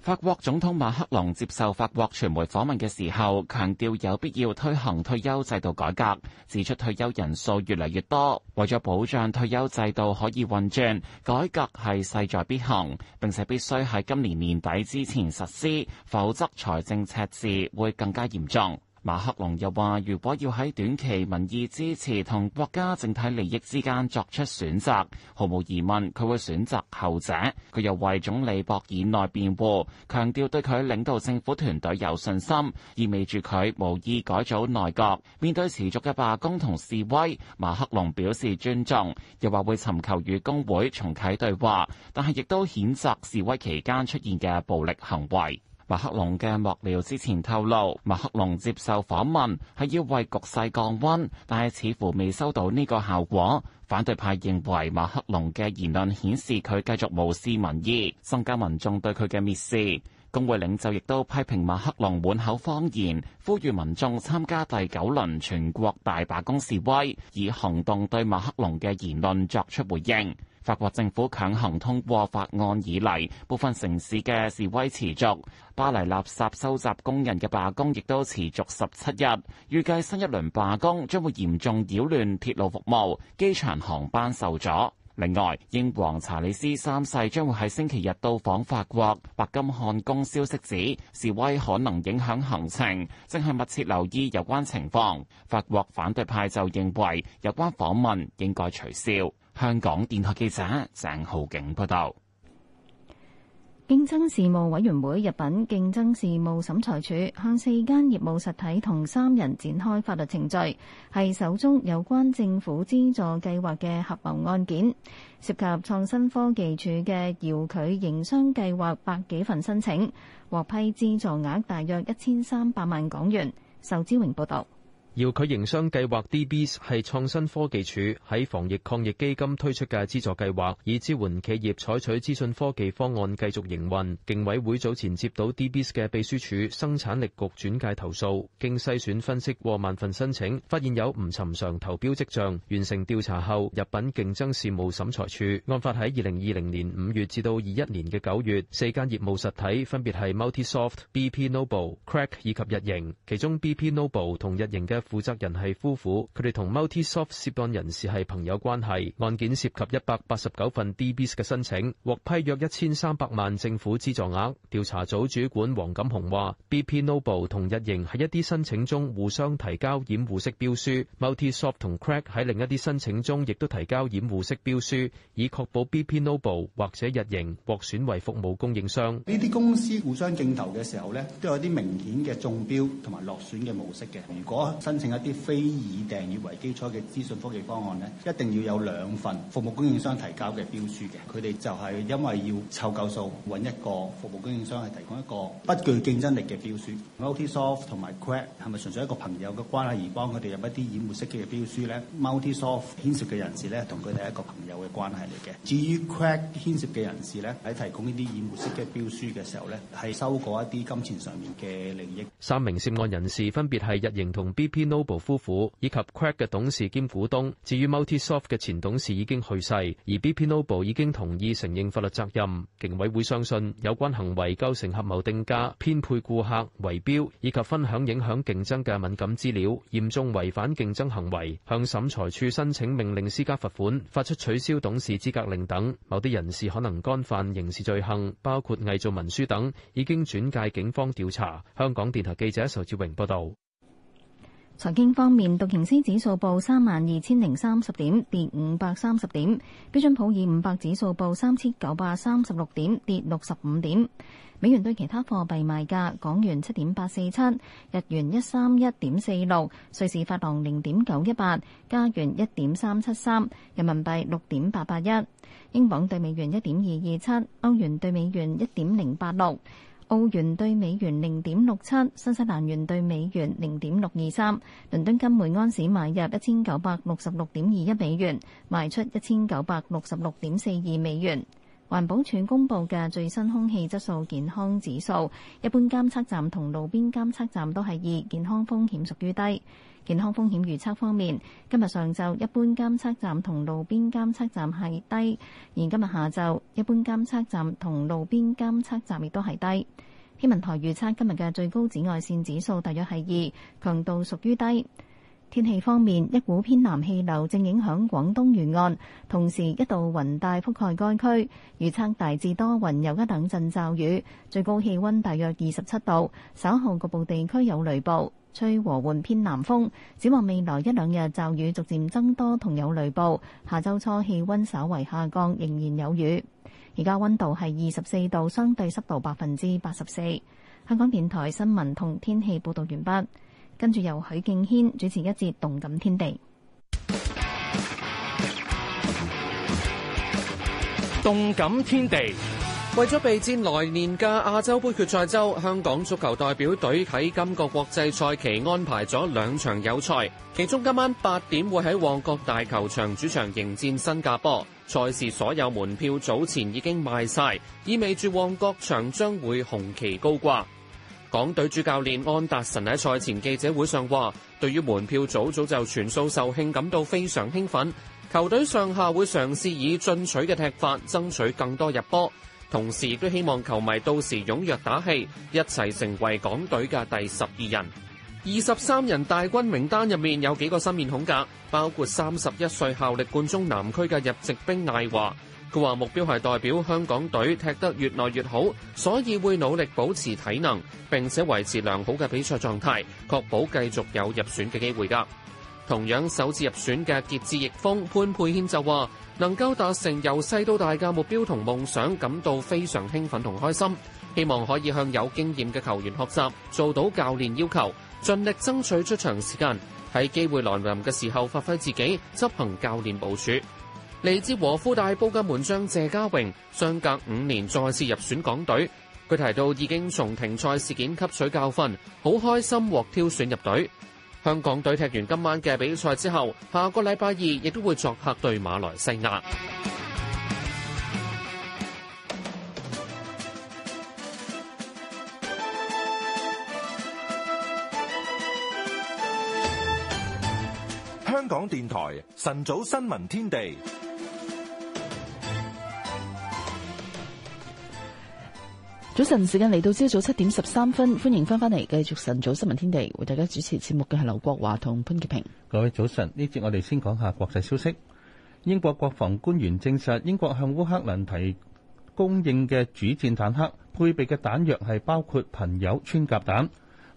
法國總統馬克龍接受法國傳媒訪問嘅時候，強調有必要推行退休制度改革，指出退休人數越嚟越多，為咗保障退休制度可以運轉，改革係勢在必行，並且必須喺今年年底之前實施，否則財政赤字會更加嚴重。馬克龍又話：如果要喺短期民意支持同國家整體利益之間作出選擇，毫無疑問，佢會選擇後者。佢又為總理博爾內辯護，強調對佢領導政府團隊有信心，意味住佢無意改組內閣。面對持續嘅罷工同示威，馬克龍表示尊重，又話會尋求與工會重啟對話，但係亦都譴責示威期間出現嘅暴力行為。馬克龍嘅幕僚之前透露，馬克龍接受訪問，係要為局勢降溫，但係似乎未收到呢個效果。反對派認為馬克龍嘅言論顯示佢繼續無視民意，增加民眾對佢嘅蔑視。工會領袖亦都批評馬克龍滿口謊言，呼籲民眾參加第九輪全國大罷工示威，以行動對馬克龍嘅言論作出回應。法國政府強行通過法案以嚟，部分城市嘅示威持續。巴黎垃圾收集工人嘅罷工亦都持續十七日，預計新一輪罷工將會嚴重擾亂鐵路服務、機場航班受阻。另外，英皇查理斯三世將會喺星期日到訪法國。白金漢宮消息指，示威可能影響行程，正係密切留意有關情況。法國反對派就認為，有關訪問應該取消。香港電台記者鄭浩景報道，競爭事務委員會入稟競爭事務審裁處，向四間業務實體同三人展開法律程序，係首宗有關政府資助計劃嘅合謀案件，涉及創新科技處嘅遙距營商計劃，百幾份申請獲批資助額大約一千三百萬港元。仇志榮報道。遙距營商計劃 DBS 係創新科技署喺防疫抗疫基金推出嘅資助計劃，以支援企業採取資訊科技方案繼續營運。競委會早前接到 DBS 嘅秘書處生產力局轉介投訴，經篩選分析過萬份申請，發現有唔尋常投標跡象。完成調查後，入稟競爭事務審裁處。案發喺二零二零年五月至到二一年嘅九月，四間業務實體分別係 MultiSoft、BP Noble、Crack 以及日營，其中 BP Noble 同日營嘅負責人係夫婦，佢哋同 MultiSoft 涉案人士係朋友關係。案件涉及一百八十九份 DBS 嘅申請，獲批約一千三百萬政府資助額。調查組主管黃錦雄話：BP Noble 同日盈喺一啲申請中互相提交掩護式標書，MultiSoft 同 Crack 喺另一啲申請中亦都提交掩護式標書，以確保 BP Noble 或者日盈獲選為服務供應商。呢啲公司互相競投嘅時候呢，都有啲明顯嘅中標同埋落選嘅模式嘅。如果新一啲非以訂閱為基礎嘅資訊科技方案咧，一定要有兩份服務供應商提交嘅標書嘅，佢哋就係因為要湊夠數，揾一個服務供應商係提供一個不具競爭力嘅標書。MultiSoft 同埋 Quack 係咪純粹一個朋友嘅關係而幫佢哋入一啲掩護式嘅標書咧？MultiSoft 牽涉嘅人士咧，同佢哋係一個朋友嘅關係嚟嘅。至於 Quack 牽涉嘅人士咧，喺提供呢啲掩護式嘅標書嘅時候咧，係收過一啲金錢上面嘅利益。三名涉案人士分別係日盈同 BP。B P Noble 夫婦以及 Crack 嘅董事兼股東，至於 MultiSoft 嘅前董事已經去世，而 B P Noble 已經同意承認法律責任。競委會相信有關行為構成合謀定價、偏配顧客、圍標以及分享影響競爭嘅敏感資料，嚴重違反競爭行為，向審裁處申請命令施加罰款、發出取消董事資格令等。某啲人士可能干犯刑事罪行，包括偽造文書等，已經轉介警方調查。香港電台記者仇志榮報道。財經方面，道瓊斯指數報三萬二千零三十點，跌五百三十點；標準普爾500指數報三千九百三十六點，跌六十五點。美元對其他貨幣賣價：港元七點八四七，日元一三一點四六，瑞士法郎零點九一八，加元一點三七三，人民幣六點八八一。英鎊對美元一點二二七，歐元對美元一點零八六。澳元兌美元零點六七，新西蘭元兌美元零點六二三，倫敦金每安士買入一千九百六十六點二一美元，賣出一千九百六十六點四二美元。環保署公佈嘅最新空氣質素健康指數，一般監測站同路邊監測站都係二，健康風險屬於低。健康風險預測方面，今日上晝一般監測站同路邊監測站係低，而今日下晝一般監測站同路邊監測站亦都係低。天文台預測今日嘅最高紫外綫指數大約係二，強度屬於低。天氣方面，一股偏南氣流正影響廣東沿岸，同時一道雲帶覆蓋該區，預測大致多雲，有一等陣驟雨，最高氣溫大約二十七度，稍後局部地區有雷暴。吹和緩偏南風，展望未來一兩日驟雨逐漸增多同有雷暴，下周初氣温稍為下降，仍然有雨。而家温度係二十四度，相對濕度百分之八十四。香港電台新聞同天氣報道完畢，跟住由許敬軒主持一節動感天地。動感天地。動感天地為咗備戰來年嘅亞洲盃決賽周，香港足球代表隊喺今個國際賽期安排咗兩場友賽，其中今晚八點會喺旺角大球場主場迎戰新加坡。賽事所有門票早前已經賣晒，意味住旺角場將會紅旗高掛。港隊主教練安達臣喺賽前記者會上話，對於門票早早就全數售罄，感到非常興奮。球隊上下會嘗試以進取嘅踢法爭取更多入波。同時都希望球迷到時踴躍打氣，一齊成為港隊嘅第十二人。二十三人大軍名單入面有幾個新面孔㗎，包括三十一歲效力冠忠南區嘅入籍兵艾華。佢話目標係代表香港隊踢得越耐越好，所以會努力保持體能，並且維持良好嘅比賽狀態，確保繼續有入選嘅機會㗎。同樣首次入選嘅傑志翼鋒潘佩軒就話：能夠達成由細到大嘅目標同夢想，感到非常興奮同開心。希望可以向有經驗嘅球員學習，做到教練要求，盡力爭取出場時間。喺機會來臨嘅時候，發揮自己，執行教練部署。嚟自和富大埔嘅門將謝家榮，相隔五年再次入選港隊。佢提到已經從停賽事件吸取教訓，好開心獲挑選入隊。香港隊踢完今晚嘅比賽之後，下個禮拜二亦都會作客對馬來西亞。香港電台晨早新聞天地。早晨，時間嚟到朝早七點十三分，歡迎翻返嚟，繼續晨早新聞天地，為大家主持節目嘅係劉國華同潘潔平。各位早晨，呢節我哋先講下國際消息。英國國防官員證實，英國向烏克蘭提供應嘅主戰坦克配備嘅彈藥係包括貧鈾穿甲彈。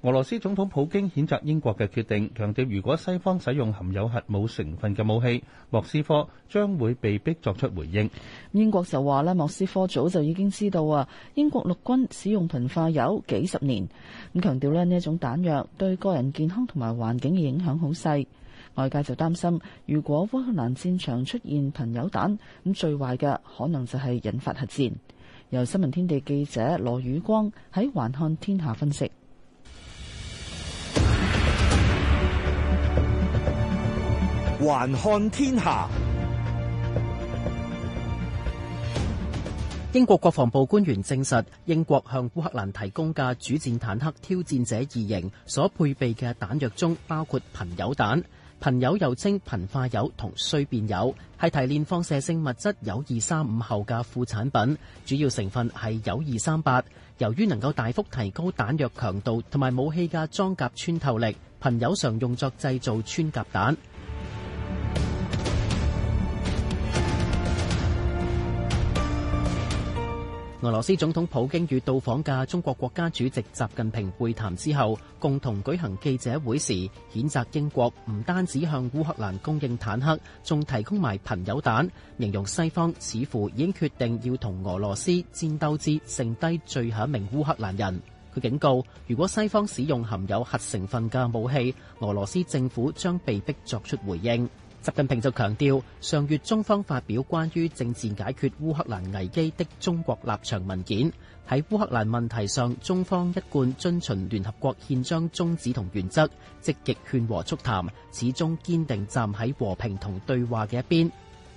俄羅斯總統普京譴責英國嘅決定，強調如果西方使用含有核武成分嘅武器，莫斯科將會被逼作出回應。英國就話咧，莫斯科早就已經知道啊。英國陸軍使用貧化鈾幾十年，咁強調咧呢一種彈藥對個人健康同埋環境嘅影響好細。外界就擔心，如果烏克蘭戰場出現貧鈾彈，咁最壞嘅可能就係引發核戰。由新聞天地記者羅宇光喺《環看天下》分析。環看天下。英國國防部官員證實，英國向烏克蘭提供嘅主戰坦克挑戰者二型所配備嘅彈藥中，包括貧鈾彈。貧鈾又稱貧化鈾同衰變鈾，係提煉放射性物質鈾二三五後嘅副產品，主要成分係鈾二三八。由於能夠大幅提高彈藥強度同埋武器嘅裝甲穿透力，貧鈾常用作製造穿甲彈。俄羅斯總統普京與到訪嘅中國國家主席習近平會談之後，共同舉行記者會時，譴責英國唔單止向烏克蘭供應坦克，仲提供埋貧鈾彈，形容西方似乎已經決定要同俄羅斯戰鬥至剩低最後一名烏克蘭人。佢警告，如果西方使用含有核成分嘅武器，俄羅斯政府將被迫作出回應。習近平就強調，上月中方發表關於政治解決烏克蘭危機的中國立場文件，喺烏克蘭問題上，中方一貫遵循聯合國憲章宗旨同原則，積極勸和促談，始終堅定站喺和平同對話嘅一邊。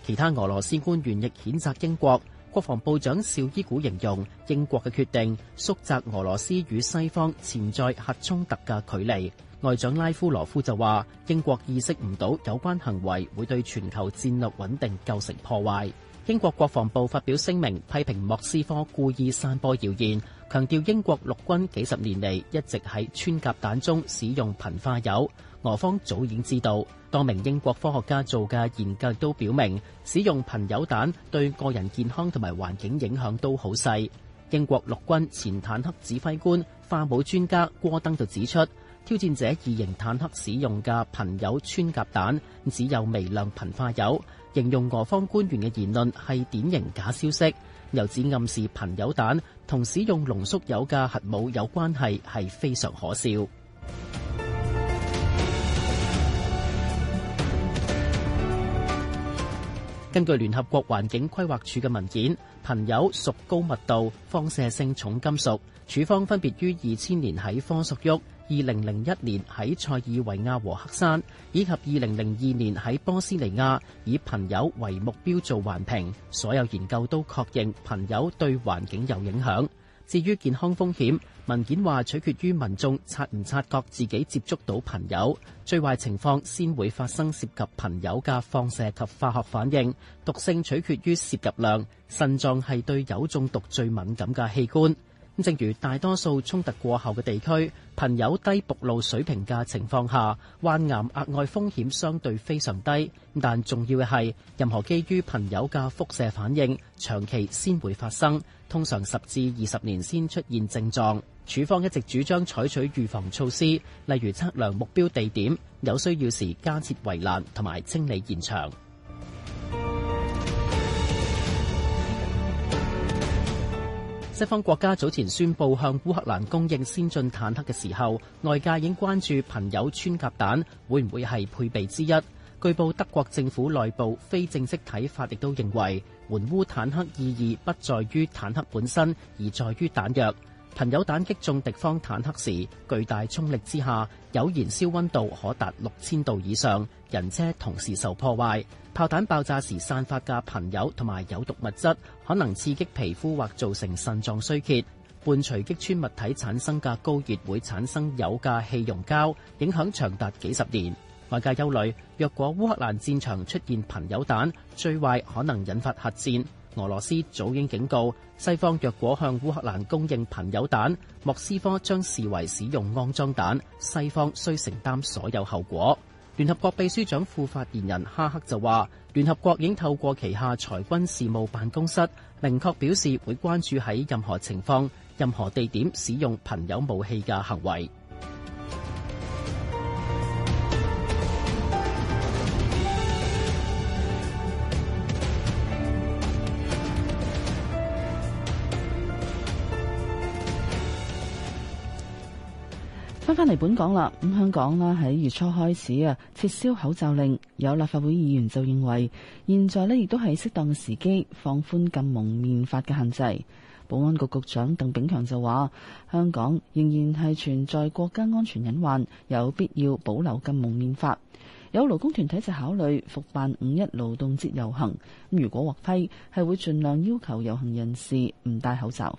其他俄羅斯官員亦譴責英國，國防部長紹伊古形容英國嘅決定縮窄俄羅斯與西方潛在核衝突嘅距離。外長拉夫羅夫就話，英國意識唔到有關行為會對全球戰略穩定構成破壞。英國國防部發表聲明，批評莫斯科故意散播謠言，強調英國陸軍幾十年嚟一直喺穿甲彈中使用貧化油，俄方早已知道。多名英國科學家做嘅研究都表明，使用貧油彈對個人健康同埋環境影響都好細。英國陸軍前坦克指揮官、化武專家郭登就指出，挑戰者二型坦克使用嘅貧鈾穿甲彈，只有微量貧化鈾。形容俄方官員嘅言論係典型假消息，又指暗示貧鈾彈同使用濃縮鈾嘅核武有關係，係非常可笑。 根據聯合國環境規劃署嘅文件，貧鈾屬高密度放射性重金屬，處方分別於二千年喺科索沃，二零零一年喺塞爾維亞和黑山，以及二零零二年喺波斯尼亞，以朋友為目標做環評，所有研究都確認朋友對環境有影響。至於健康風險，文件話取決於民眾察唔察覺自己接觸到朋友，最壞情況先會發生涉及朋友嘅放射及化學反應。毒性取決於攝入量，腎臟係對鈾中毒最敏感嘅器官。正如大多數衝突過後嘅地區，貧鈾低暴露水平嘅情況下，患癌額外風險相對非常低。但重要嘅係，任何基於貧鈾嘅輻射反應，長期先會發生，通常十至二十年先出現症狀。處方一直主張採取預防措施，例如測量目標地點，有需要時加設圍欄同埋清理現場。西方國家早前宣布向烏克蘭供應先進坦克嘅時候，外界已經關注貧鈾穿甲彈會唔會係配備之一。據報德國政府內部非正式睇法亦都認為，援烏坦克意義不在於坦克本身，而在於彈藥。貧鈾彈擊中敵方坦克時，巨大衝力之下，鈾燃燒溫度可達六千度以上，人車同時受破壞。炮彈爆炸時散發嘅貧鈾同埋有毒物質，可能刺激皮膚或造成腎臟衰竭。伴隨擊穿物體產生嘅高熱會產生有價氣溶膠，影響長達幾十年。外界憂慮，若果烏克蘭戰場出現貧鈾彈，最壞可能引發核戰。俄羅斯早已警告西方，若果向烏克蘭供應貧鈾彈，莫斯科將視為使用骯髒彈，西方需承擔所有後果。聯合國秘書長副發言人哈克就話，聯合國已經透過旗下裁軍事務辦公室，明確表示會關注喺任何情況、任何地點使用貧鈾武器嘅行為。翻返嚟本港啦，咁香港啦喺月初開始啊撤銷口罩令，有立法會議員就認為現在咧亦都係適當嘅時機放寬禁蒙面法嘅限制。保安局局長鄧炳強就話：香港仍然係存在國家安全隱患，有必要保留禁蒙面法。有勞工團體就考慮復辦五一勞動節遊行，咁如果獲批係會盡量要求遊行人士唔戴口罩。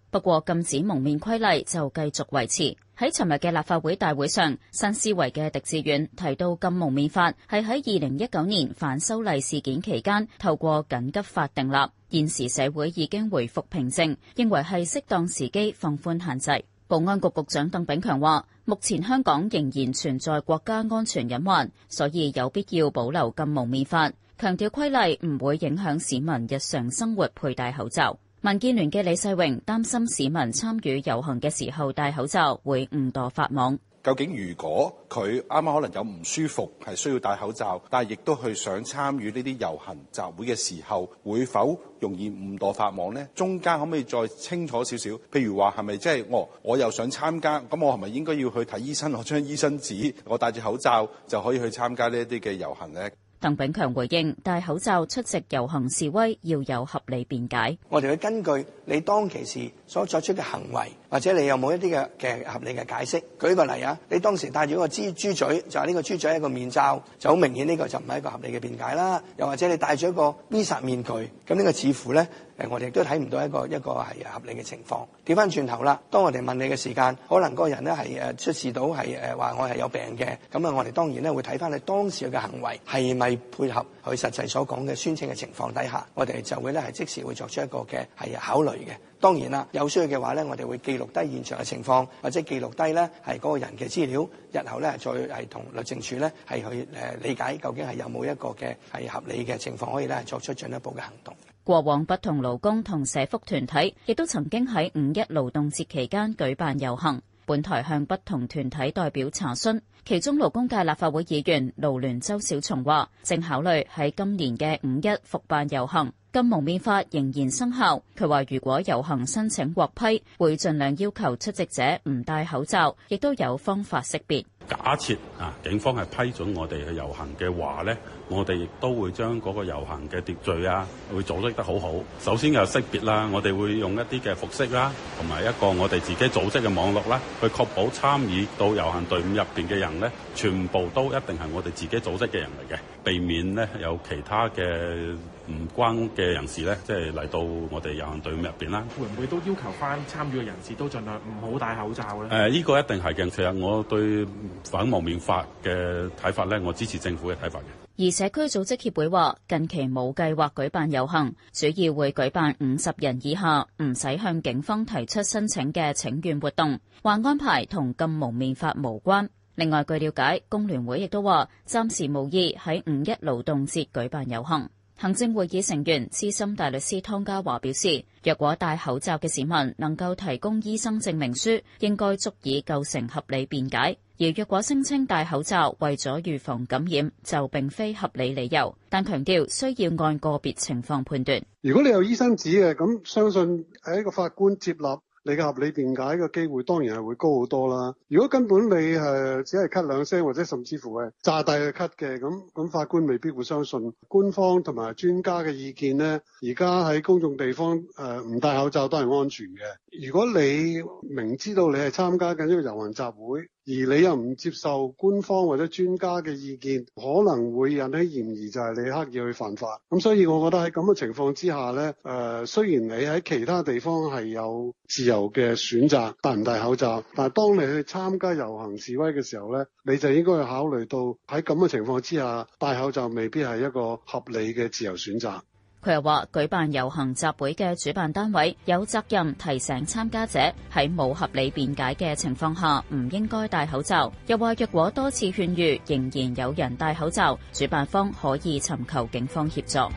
不過禁止蒙面規例就繼續維持。喺尋日嘅立法會大會上，新思維嘅狄志遠提到，禁蒙面法係喺二零一九年反修例事件期間透過緊急法訂立，現時社會已經回復平靜，認為係適當時機放寬限制。保安局局長鄧炳強話，目前香港仍然存在國家安全隱患，所以有必要保留禁蒙面法，強調規例唔會影響市民日常生活佩戴口罩。民建聯嘅李世榮擔心市民參與遊行嘅時候戴口罩會誤墮法網。究竟如果佢啱啱可能有唔舒服，係需要戴口罩，但係亦都去想參與呢啲遊行集會嘅時候，會否容易誤墮法網呢？中間可唔可以再清楚少少？譬如話係咪即係我我又想參加，咁我係咪應該要去睇醫生攞張醫生紙，我戴住口罩就可以去參加呢一啲嘅遊行咧？鄧炳強回應：戴口罩出席遊行示威要有合理辯解。我哋會根據你當其時所作出嘅行為，或者你有冇一啲嘅嘅合理嘅解釋。舉個例啊，你當時戴住一個蜘蛛嘴，就係呢個豬嘴一個面罩，就好明顯呢個就唔係一個合理嘅辯解啦。又或者你戴住一個 Visa 面具，咁呢個似乎咧，我哋都睇唔到一個一個係合理嘅情況。調翻轉頭啦，當我哋問你嘅時間，可能嗰個人咧係誒出示到係誒話我係有病嘅，咁啊我哋當然咧會睇翻你當時嘅行為係咪配合佢實際所講嘅宣稱嘅情況底下，我哋就會咧係即時會作出一個嘅係考慮嘅。當然啦，有需要嘅話咧，我哋會記錄低現場嘅情況，或者記錄低咧係嗰個人嘅資料，日後咧再係同律政處咧係去誒理解究竟係有冇一個嘅係合理嘅情況，可以咧作出進一步嘅行動。過往不同勞工同社福團體亦都曾經喺五一勞動節期間舉辦遊行。本台向不同團體代表查詢，其中勞工界立法會議員勞聯周小松話，正考慮喺今年嘅五一復辦遊行。禁蒙面法仍然生效。佢話如果遊行申請獲批，會盡量要求出席者唔戴口罩，亦都有方法識別。假設啊，警方係批准我哋去遊行嘅話咧，我哋亦都會將嗰個遊行嘅秩序啊，會組織得好好。首先有識別啦，我哋會用一啲嘅服飾啦，同埋一個我哋自己組織嘅網絡啦，去確保參與到遊行隊伍入邊嘅人咧，全部都一定係我哋自己組織嘅人嚟嘅，避免咧有其他嘅。唔關嘅人士呢，即係嚟到我哋遊行隊伍入邊啦。會唔會都要求翻參與嘅人士都盡量唔好戴口罩咧？誒、呃，呢、這個一定係正確。其實我對反蒙面法嘅睇法呢，我支持政府嘅睇法嘅。而社區組織協會話，近期冇計劃舉辦遊行，主要會舉辦五十人以下唔使向警方提出申請嘅請願活動，話安排同禁蒙面法無關。另外，據了解，工聯會亦都話暫時無意喺五一勞動節舉辦遊行。行政會議成員、資深大律師湯家驊表示，若果戴口罩嘅市民能夠提供醫生證明書，應該足以構成合理辯解；而若果聲稱戴口罩為咗預防感染，就並非合理理由。但強調需要按個別情況判斷。如果你有醫生紙嘅，咁相信喺一個法官接納。你嘅合理辯解嘅機會當然係會高好多啦。如果根本你係只係咳兩聲，或者甚至乎係炸大嘅咳嘅，咁咁法官未必會相信官方同埋專家嘅意見咧。而家喺公眾地方誒唔、呃、戴口罩都係安全嘅。如果你明知道你係參加緊一個遊行集會，而你又唔接受官方或者專家嘅意見可能會引起嫌疑，就係你刻意去犯法。咁所以，我覺得喺咁嘅情況之下咧，誒、呃、雖然你喺其他地方係有自由嘅選擇戴唔戴口罩，但係當你去參加遊行示威嘅時候咧，你就應該去考慮到喺咁嘅情況之下，戴口罩未必係一個合理嘅自由選擇。佢又話：舉辦遊行集會嘅主辦單位有責任提醒參加者喺冇合理辯解嘅情況下唔應該戴口罩。又話，若果多次勸喻仍然有人戴口罩，主辦方可以尋求警方協助。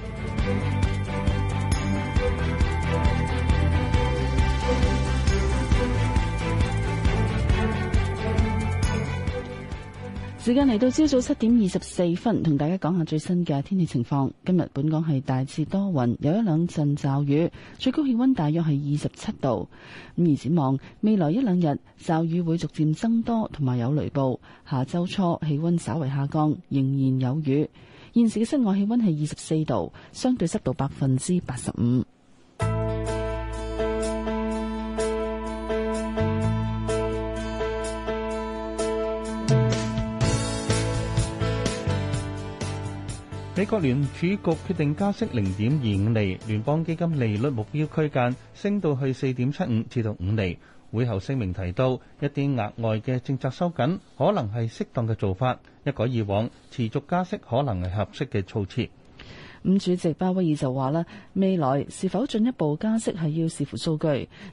時間嚟到朝早七點二十四分，同大家講下最新嘅天氣情況。今日本港係大致多雲，有一兩陣驟雨，最高氣溫大約係二十七度。咁而展望未來一兩日，驟雨會逐漸增多，同埋有雷暴。下周初氣溫稍為下降，仍然有雨。現時嘅室外氣溫係二十四度，相對濕度百分之八十五。美國聯儲局決定加息零點二五厘，聯邦基金利率目標區間升到去四點七五至到五厘。會後聲明提到，一啲額外嘅政策收緊可能係適當嘅做法，一改以往持續加息可能係合適嘅措辭。咁主席鮑威爾就話啦，未來是否進一步加息係要視乎數據，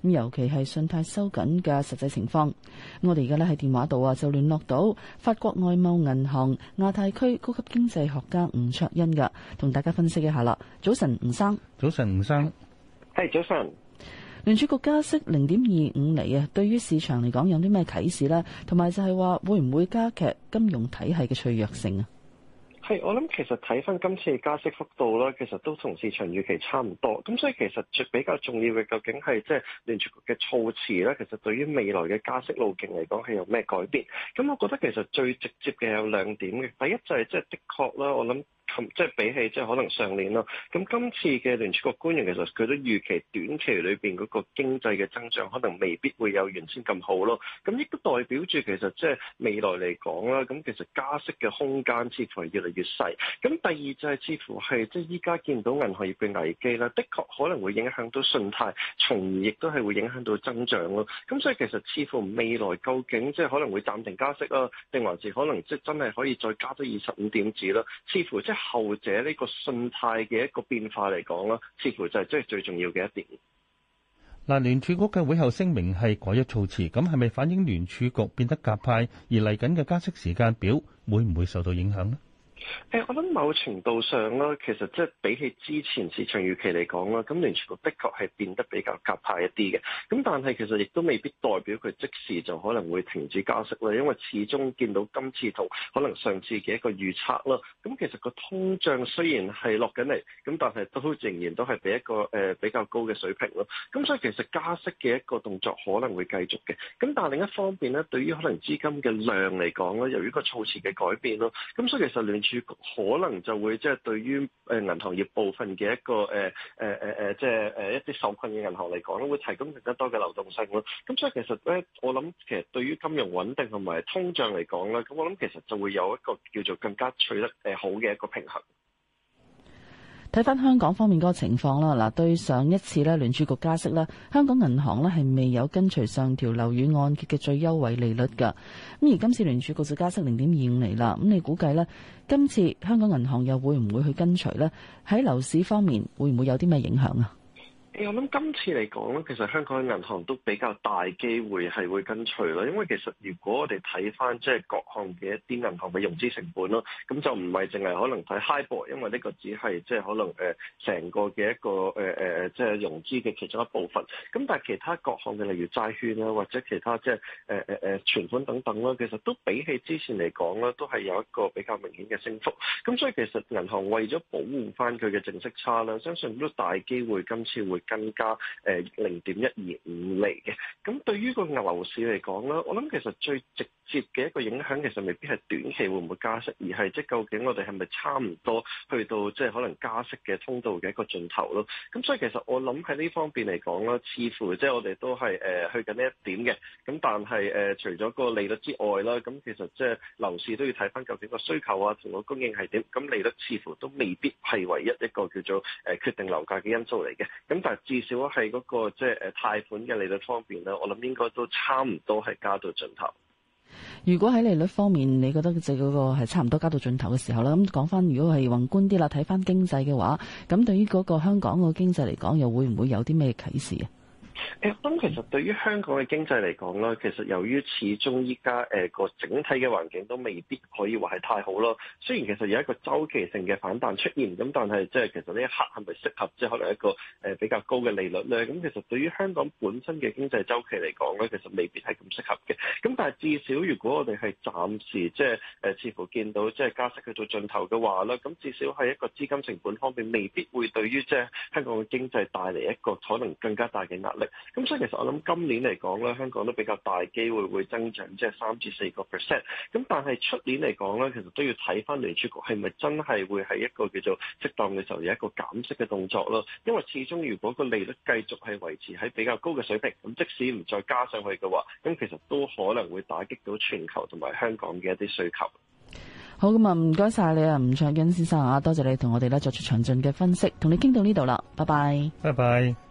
咁尤其係信貸收緊嘅實際情況。我哋而家咧喺電話度啊，就聯絡到法國外貿銀行亞太區高級經濟學家吳卓恩噶，同大家分析一下啦。早晨，吳生，早晨，吳生，係早晨。聯儲局加息零點二五厘啊，對於市場嚟講有啲咩啟示呢？同埋就係話會唔會加劇金融體系嘅脆弱性啊？係，我諗其實睇翻今次嘅加息幅度啦，其實都同市場預期差唔多。咁所以其實最比較重要嘅，究竟係即係聯儲局嘅措辭咧，其實對於未來嘅加息路徑嚟講係有咩改變？咁我覺得其實最直接嘅有兩點嘅，第一就係即係的確啦，我諗。即係比起即係可能上年咯，咁今次嘅聯儲局官員其實佢都預期短期裏邊嗰個經濟嘅增長可能未必會有原先咁好咯，咁亦都代表住其實即係未來嚟講啦，咁其實加息嘅空間似乎係越嚟越細。咁第二就係似乎係即係依家見到銀行業嘅危機啦，的確可能會影響到信貸，從而亦都係會影響到增長咯。咁所以其實似乎未來究竟即係可能會暫停加息啊，定還是可能即係真係可以再加多二十五點子啦？似乎即係。後者呢個信貸嘅一個變化嚟講啦，似乎就係即係最重要嘅一點。嗱，聯儲局嘅會後聲明係改一措辭，咁係咪反映聯儲局變得鴿派，而嚟緊嘅加息時間表會唔會受到影響呢？誒，我諗某程度上咧，其實即係比起之前市場預期嚟講啦，咁聯儲局的確係變得比較鷹派一啲嘅。咁但係其實亦都未必代表佢即時就可能會停止加息啦，因為始終見到今次同可能上次嘅一個預測啦。咁其實個通脹雖然係落緊嚟，咁但係都仍然都係比一個誒、呃、比較高嘅水平咯。咁所以其實加息嘅一個動作可能會繼續嘅。咁但係另一方面咧，對於可能資金嘅量嚟講咧，由於個措辭嘅改變咯，咁所以其實聯可能就會即係、就是、對於誒銀行業部分嘅一個誒誒誒誒，即係誒一啲受困嘅銀行嚟講，會提供更加多嘅流動性咯。咁所以其實咧，我諗其實對於金融穩定同埋通脹嚟講咧，咁我諗其實就會有一個叫做更加取得誒好嘅一個平衡。睇翻香港方面嗰個情況啦，嗱，對上一次咧聯儲局加息咧，香港銀行咧係未有跟隨上調樓宇按揭嘅最優惠利率㗎。咁而今次聯儲局就加息零點二五釐啦，咁你估計咧今次香港銀行又會唔會去跟隨咧？喺樓市方面會唔會有啲咩影響啊？我諗今次嚟講咧，其實香港嘅銀行都比較大機會係會跟隨咯，因為其實如果我哋睇翻即係各項嘅一啲銀行嘅融資成本咯，咁就唔係淨係可能睇 HIBOR，因為呢個只係即係可能誒成個嘅一個誒誒即係融資嘅其中一部分，咁但係其他各項嘅例如債券啦，或者其他即係誒誒誒存款等等啦，其實都比起之前嚟講咧，都係有一個比較明顯嘅升幅，咁所以其實銀行為咗保護翻佢嘅淨息差啦，相信都大機會今次會更加誒零點一二五釐嘅，咁對於個樓市嚟講啦，我諗其實最直接嘅一個影響其實未必係短期會唔會加息，而係即係究竟我哋係咪差唔多去到即係可能加息嘅通道嘅一個盡頭咯。咁所以其實我諗喺呢方面嚟講啦，似乎即係我哋都係誒去緊呢一點嘅。咁但係誒除咗個利率之外啦，咁其實即係樓市都要睇返究竟個需求啊同個供應係點。咁利率似乎都未必係唯一一個叫做誒決定樓價嘅因素嚟嘅。咁但至少係嗰個即係誒貸款嘅利率方面咧，我諗應該都差唔多係加到盡頭。如果喺利率方面你覺得就嗰個係差唔多加到盡頭嘅時候咧，咁講翻如果係宏觀啲啦，睇翻經濟嘅話，咁對於嗰個香港個經濟嚟講，又會唔會有啲咩啟示？誒，咁其實對於香港嘅經濟嚟講啦，其實由於始終依家誒個整體嘅環境都未必可以話係太好咯。雖然其實有一個周期性嘅反彈出現，咁但係即係其實呢一刻係咪適合即係可能一個誒比較高嘅利率咧？咁其實對於香港本身嘅經濟周期嚟講咧，其實未必係咁適合嘅。咁但係至少如果我哋係暫時即係誒似乎見到即係加息去到盡頭嘅話啦，咁至少係一個資金成本方面未必會對於即係香港嘅經濟帶嚟一個可能更加大嘅壓力。咁所以其實我諗今年嚟講咧，香港都比較大機會會增長，即係三至四個 percent。咁但係出年嚟講咧，其實都要睇返聯儲局係咪真係會係一個叫做適當嘅時候有一個減息嘅動作咯。因為始終如果個利率繼續係維持喺比較高嘅水平，咁即使唔再加上去嘅話，咁其實都可能會打擊到全球同埋香港嘅一啲需求。好咁啊，唔該晒你啊，吳卓恩先生啊，多謝你同我哋咧作出詳盡嘅分析，同你傾到呢度啦，拜拜，拜拜。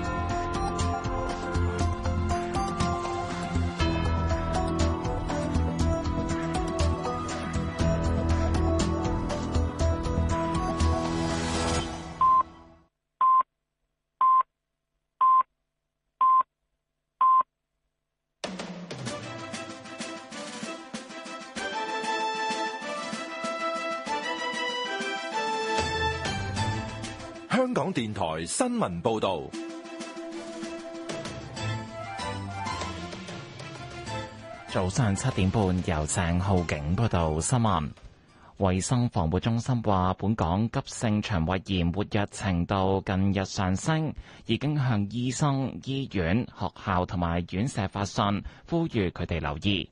台新聞報道，早上七點半由鄭浩景報道新聞。衛生防護中心話，本港急性腸胃炎活躍程度近日上升，已經向醫生、醫院、學校同埋院舍發信，呼籲佢哋留意。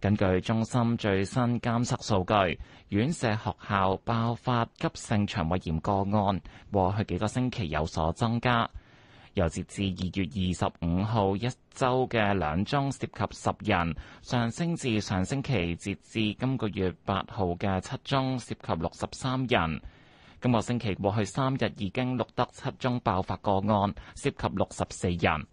根據中心最新監測數據，院舍學校爆發急性腸胃炎個案，過去幾個星期有所增加。由截至二月二十五號一周嘅兩宗涉及十人，上升至上星期截至今個月八號嘅七宗涉及六十三人。今個星期過去三日已經錄得七宗爆發個案，涉及六十四人。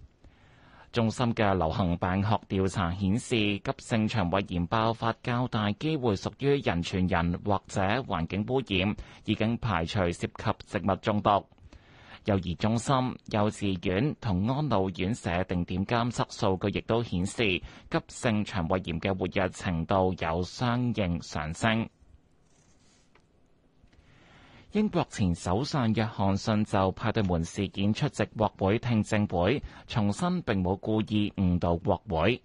中心嘅流行病學調查顯示，急性腸胃炎爆發較大機會屬於人傳人或者環境污染，已經排除涉及食物中毒。幼兒中心、幼稚園同安老院舍定點監測數據亦都顯示，急性腸胃炎嘅活躍程度有相應上升。英國前首相約翰遜就派對門事件出席國會聽證會，重申並冇故意誤導國會。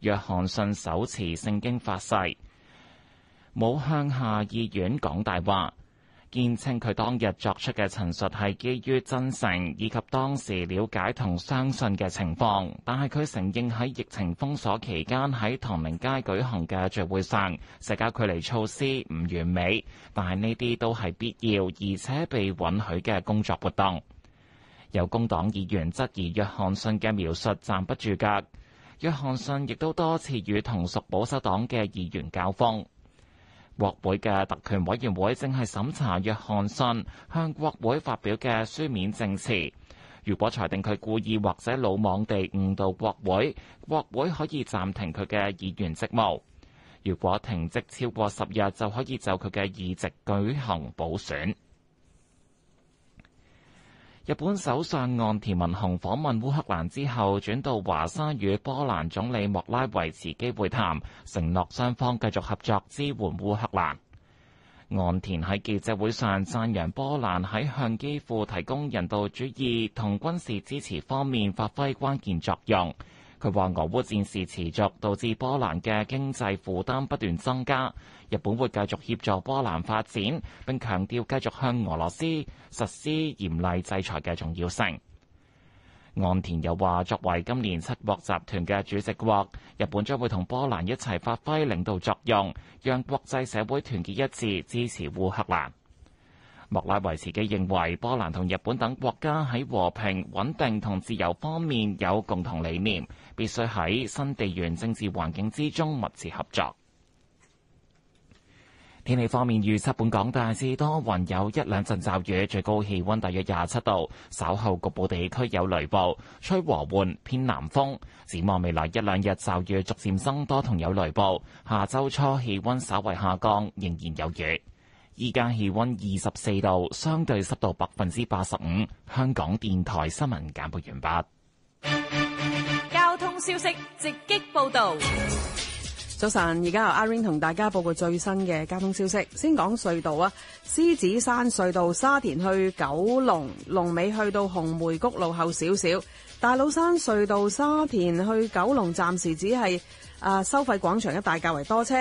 約翰遜手持聖經發誓，冇向下議院講大話。堅稱佢當日作出嘅陳述係基於真誠以及當時了解同相信嘅情況，但係佢承認喺疫情封鎖期間喺唐寧街舉行嘅聚會上，社交距離措施唔完美，但係呢啲都係必要而且被允許嘅工作活動。有工黨議員質疑約翰遜嘅描述站不住腳，約翰遜亦都多次與同屬保守黨嘅議員交鋒。國會嘅特權委員會正係審查約翰遜向國會發表嘅書面證詞。如果裁定佢故意或者魯莽地誤導國會，國會可以暫停佢嘅議員職務。如果停職超過十日，就可以就佢嘅議席舉行補選。日本首相岸田文雄訪問烏克蘭之後，轉到華沙與波蘭總理莫拉維茨基會談，承諾雙方繼續合作支援烏克蘭。岸田喺記者會上讚揚波蘭喺向基輔提供人道主義同軍事支持方面發揮關鍵作用。佢話俄烏戰事持續，導致波蘭嘅經濟負擔不斷增加。日本會繼續協助波蘭發展，並強調繼續向俄羅斯實施嚴厲制裁嘅重要性。岸田又話，作為今年七國集團嘅主席國，日本將會同波蘭一齊發揮領導作用，讓國際社會團結一致，支持烏克蘭。莫拉維茨基認為，波蘭同日本等國家喺和平、穩定同自由方面有共同理念，必須喺新地緣政治環境之中密切合作。天氣方面預測，本港大致多雲，有一兩陣驟雨，最高氣温大約廿七度。稍後局部地區有雷暴，吹和緩，偏南風。展望未來一兩日驟雨逐漸增多同有雷暴，下周初氣温稍為下降，仍然有雨。依家氣温二十四度，相對濕度百分之八十五。香港電台新聞簡報完畢。交通消息直擊報道。早晨，而家由阿 Ring 同大家報告最新嘅交通消息。先講隧道啊，獅子山隧道沙田去九龍龍尾去到紅梅谷路後少少，大老山隧道沙田去九龍暫時只係啊收費廣場一帶較為多車，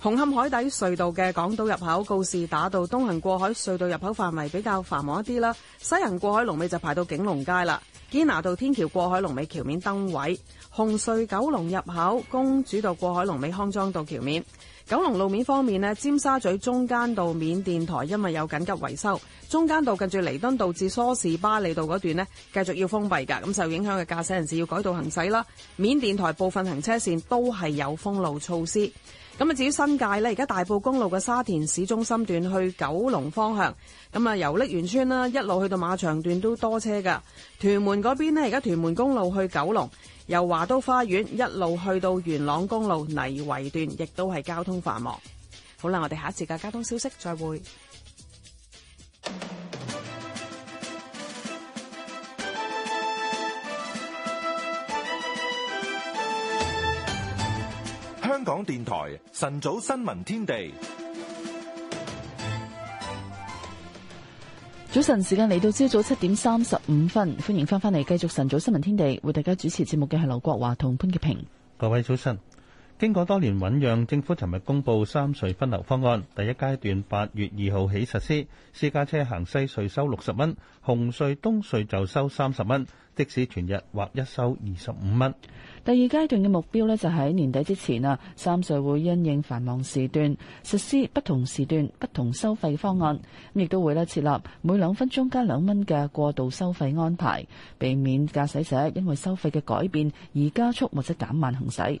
紅磡海底隧道嘅港島入口告士打道東行過海隧道入口範圍比較繁忙一啲啦，西行過海龍尾就排到景隆街啦。堅拿道天橋過海龍尾橋面燈位，紅隧九龍入口、公主道過海龍尾康莊道橋面。九龍路面方面咧，尖沙咀中間道緬甸台因為有緊急維修，中間道近住彌敦道至梳士巴利道嗰段咧，繼續要封閉噶，咁受影響嘅駕駛人士要改道行駛啦。緬甸台部分行車線都係有封路措施。咁啊！至於新界咧，而家大埔公路嘅沙田市中心段去九龍方向，咁啊由瀝源村啦一路去到馬場段都多車㗎。屯門嗰邊咧，而家屯門公路去九龍，由華都花園一路去到元朗公路泥圍段，亦都係交通繁忙。好啦，我哋下一節嘅交通消息再會。香港電台晨早新聞天地，早晨時間嚟到朝早七點三十五分，歡迎翻返嚟繼續晨早新聞天地，為大家主持節目嘅係劉國華同潘潔平。各位早晨，經過多年醞釀，政府尋日公布三稅分流方案，第一階段八月二號起實施，私家車行西隧收六十蚊，紅隧東隧就收三十蚊，的士全日劃一收二十五蚊。第二階段嘅目標呢，就喺年底之前啊，三隧會因應繁忙時段，實施不同時段不同收費方案，咁亦都會呢設立每兩分鐘加兩蚊嘅過渡收費安排，避免駕駛者因為收費嘅改變而加速或者減慢行駛。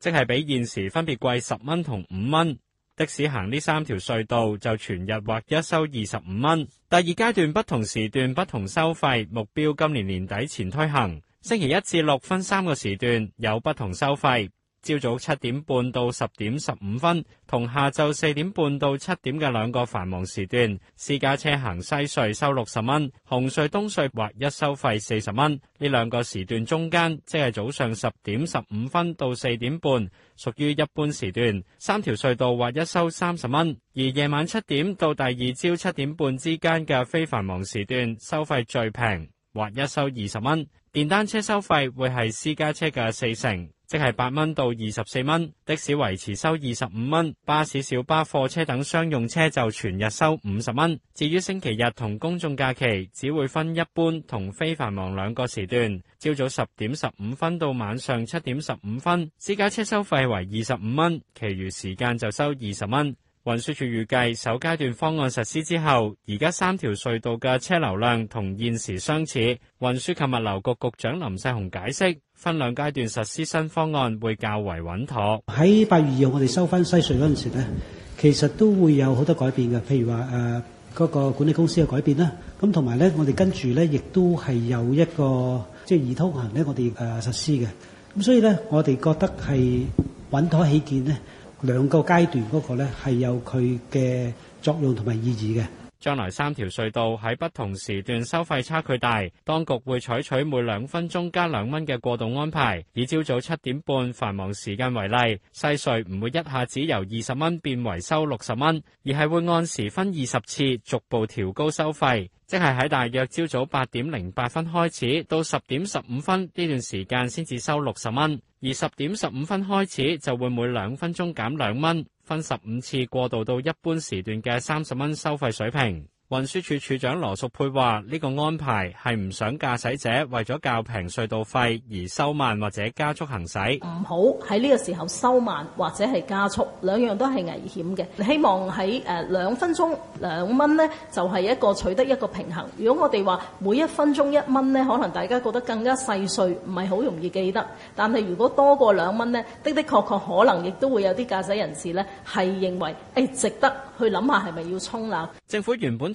即係比現時分別貴十蚊同五蚊，的士行呢三條隧道就全日劃一收二十五蚊。第二階段不同時段不同收費，目標今年年底前推行。星期一至六分三個時段有不同收費。朝早七點半到十點十五分，同下晝四點半到七點嘅兩個繁忙時段，私家車行西隧收六十蚊，紅隧東隧劃一收費四十蚊。呢兩個時段中間，即係早上十點十五分到四點半，屬於一般時段，三條隧道劃一收三十蚊。而夜晚七點到第二朝七點半之間嘅非繁忙時段，收費最平，劃一收二十蚊。電單車收費會係私家車嘅四成。即係八蚊到二十四蚊，的士維持收二十五蚊，巴士、小巴、貨車等商用車就全日收五十蚊。至於星期日同公眾假期，只會分一般同非繁忙兩個時段，朝早十點十五分到晚上七點十五分，私家車收費為二十五蚊，其餘時間就收二十蚊。運輸署預計首階段方案實施之後，而家三條隧道嘅車流量同現時相似。運輸及物流局局長林世雄解釋。分兩階段實施新方案會較為穩妥喺八月二號，我哋收翻西隧嗰陣時咧，其實都會有好多改變嘅，譬如話誒嗰個管理公司嘅改變啦。咁同埋咧，我哋跟住咧，亦都係有一個即係易通行咧，我哋誒實施嘅。咁所以咧，我哋覺得係穩妥起見咧，兩個階段嗰個咧係有佢嘅作用同埋意義嘅。將來三條隧道喺不同時段收費差距大，當局會採取每兩分鐘加兩蚊嘅過渡安排。以朝早七點半繁忙時間為例，西隧唔會一下子由二十蚊變為收六十蚊，而係會按時分二十次逐步調高收費，即係喺大約朝早八點零八分開始到十點十五分呢段時間先至收六十蚊，而十點十五分開始就會每兩分鐘減兩蚊。分十五次過渡到一般時段嘅三十蚊收費水平。運輸署署長羅淑佩話：呢個安排係唔想駕駛者為咗較平隧道費而收慢或者加速行駛，唔好喺呢個時候收慢或者係加速，兩樣都係危險嘅。希望喺誒兩分鐘兩蚊呢，就係一個取得一個平衡。如果我哋話每一分鐘一蚊呢，可能大家覺得更加細碎，唔係好容易記得。但係如果多過兩蚊呢，的的確確可能亦都會有啲駕駛人士呢係認為，誒值得去諗下係咪要衝冷。政府原本。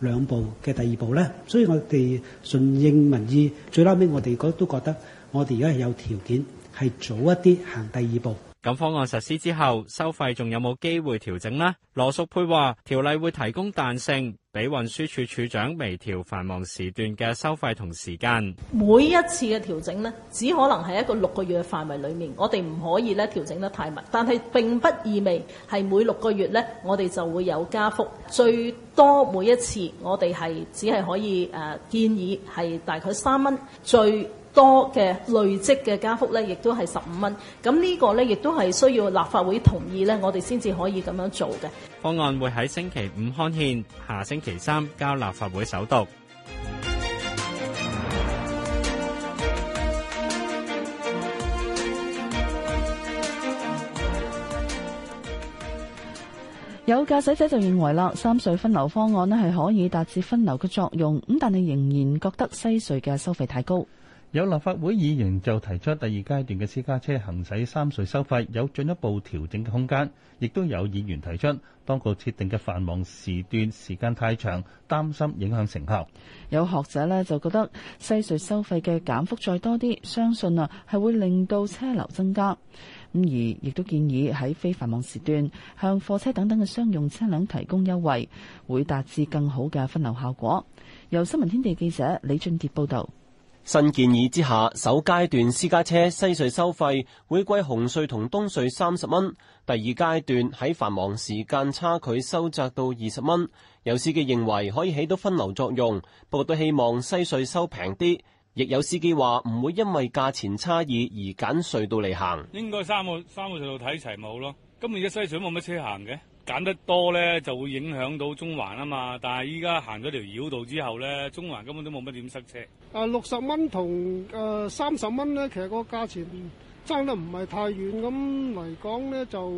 兩步嘅第二步咧，所以我哋順應民意，最拉尾我哋覺得都覺得我們，我哋而家係有條件係早一啲行第二步。咁方案實施之後，收費仲有冇機會調整呢？羅淑佩話：條例會提供彈性，俾運輸處處長微調繁忙時段嘅收費同時間。每一次嘅調整呢，只可能係一個六個月嘅範圍裡面，我哋唔可以咧調整得太密。但係並不意味係每六個月呢，我哋就會有加幅。最多每一次我哋係只係可以誒建議係大概三蚊最多嘅累積嘅加幅呢，亦都係十五蚊。咁呢個呢，亦都係需要立法會同意呢。我哋先至可以咁樣做嘅。方案會喺星期五刊憲，下星期三交立法會首讀。有駕駛者就認為啦，三隧分流方案呢，係可以達至分流嘅作用，咁但係仍然覺得西隧嘅收費太高。有立法會議員就提出，第二階段嘅私家車行駛三隧收費有進一步調整嘅空間，亦都有議員提出，當局設定嘅繁忙時段時間太長，擔心影響成效。有學者呢就覺得，西隧收費嘅減幅再多啲，相信啊係會令到車流增加。咁而亦都建議喺非繁忙時段向貨車等等嘅商用車輛提供優惠，會達至更好嘅分流效果。由新聞天地記者李俊傑報導。新建議之下，首階段私家車西隧收費會貴紅隧同東隧三十蚊，第二階段喺繁忙時間差距收窄到二十蚊。有司機認為可以起到分流作用，不過都希望西隧收平啲。亦有司機話唔會因為價錢差異而揀隧道嚟行。應該三個三個隧道睇齊咪好咯？今日嘅西隧冇乜車行嘅。揀得多咧，就會影響到中環啊嘛。但係依家行咗條繞道之後咧，中環根本都冇乜點塞車。啊，六十蚊同啊三十蚊咧，其實個價錢爭得唔係太遠咁嚟講咧，就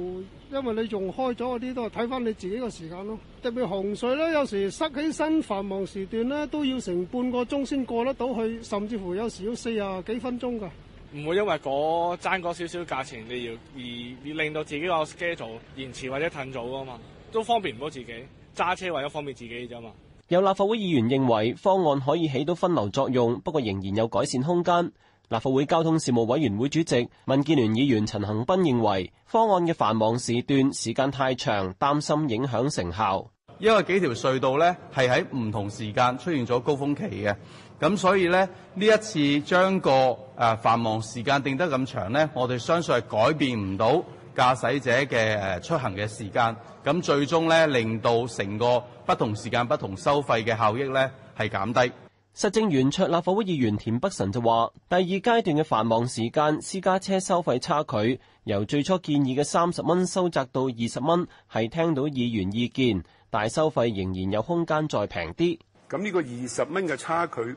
因為你用開咗嗰啲，都係睇翻你自己個時間咯。特別紅隧咧，有時塞起身繁忙時段咧，都要成半個鐘先過得到去，甚至乎有時要四啊幾分鐘㗎。唔會因為嗰爭嗰少少價錢，你要而令到自己個 schedule 延遲或者褪早啊嘛，都方便唔到自己。揸車為咗方便自己啫嘛。有立法會議員認為方案可以起到分流作用，不過仍然有改善空間。立法會交通事務委員會主席、民建聯議員陳恒斌認為方案嘅繁忙時段時間太長，擔心影響成效。因為幾條隧道呢，係喺唔同時間出現咗高峰期嘅。咁所以呢，呢一次將個誒、呃、繁忙時間定得咁長，呢我哋相信係改變唔到駕駛者嘅誒、呃、出行嘅時間。咁、呃、最終呢，令到成個不同時間不同收費嘅效益呢係減低。實政圓桌立法會議員田北辰就話，第二階段嘅繁忙時間私家車收費差距由最初建議嘅三十蚊收窄到二十蚊，係聽到議員意見，但收費仍然有空間再平啲。咁呢個二十蚊嘅差距。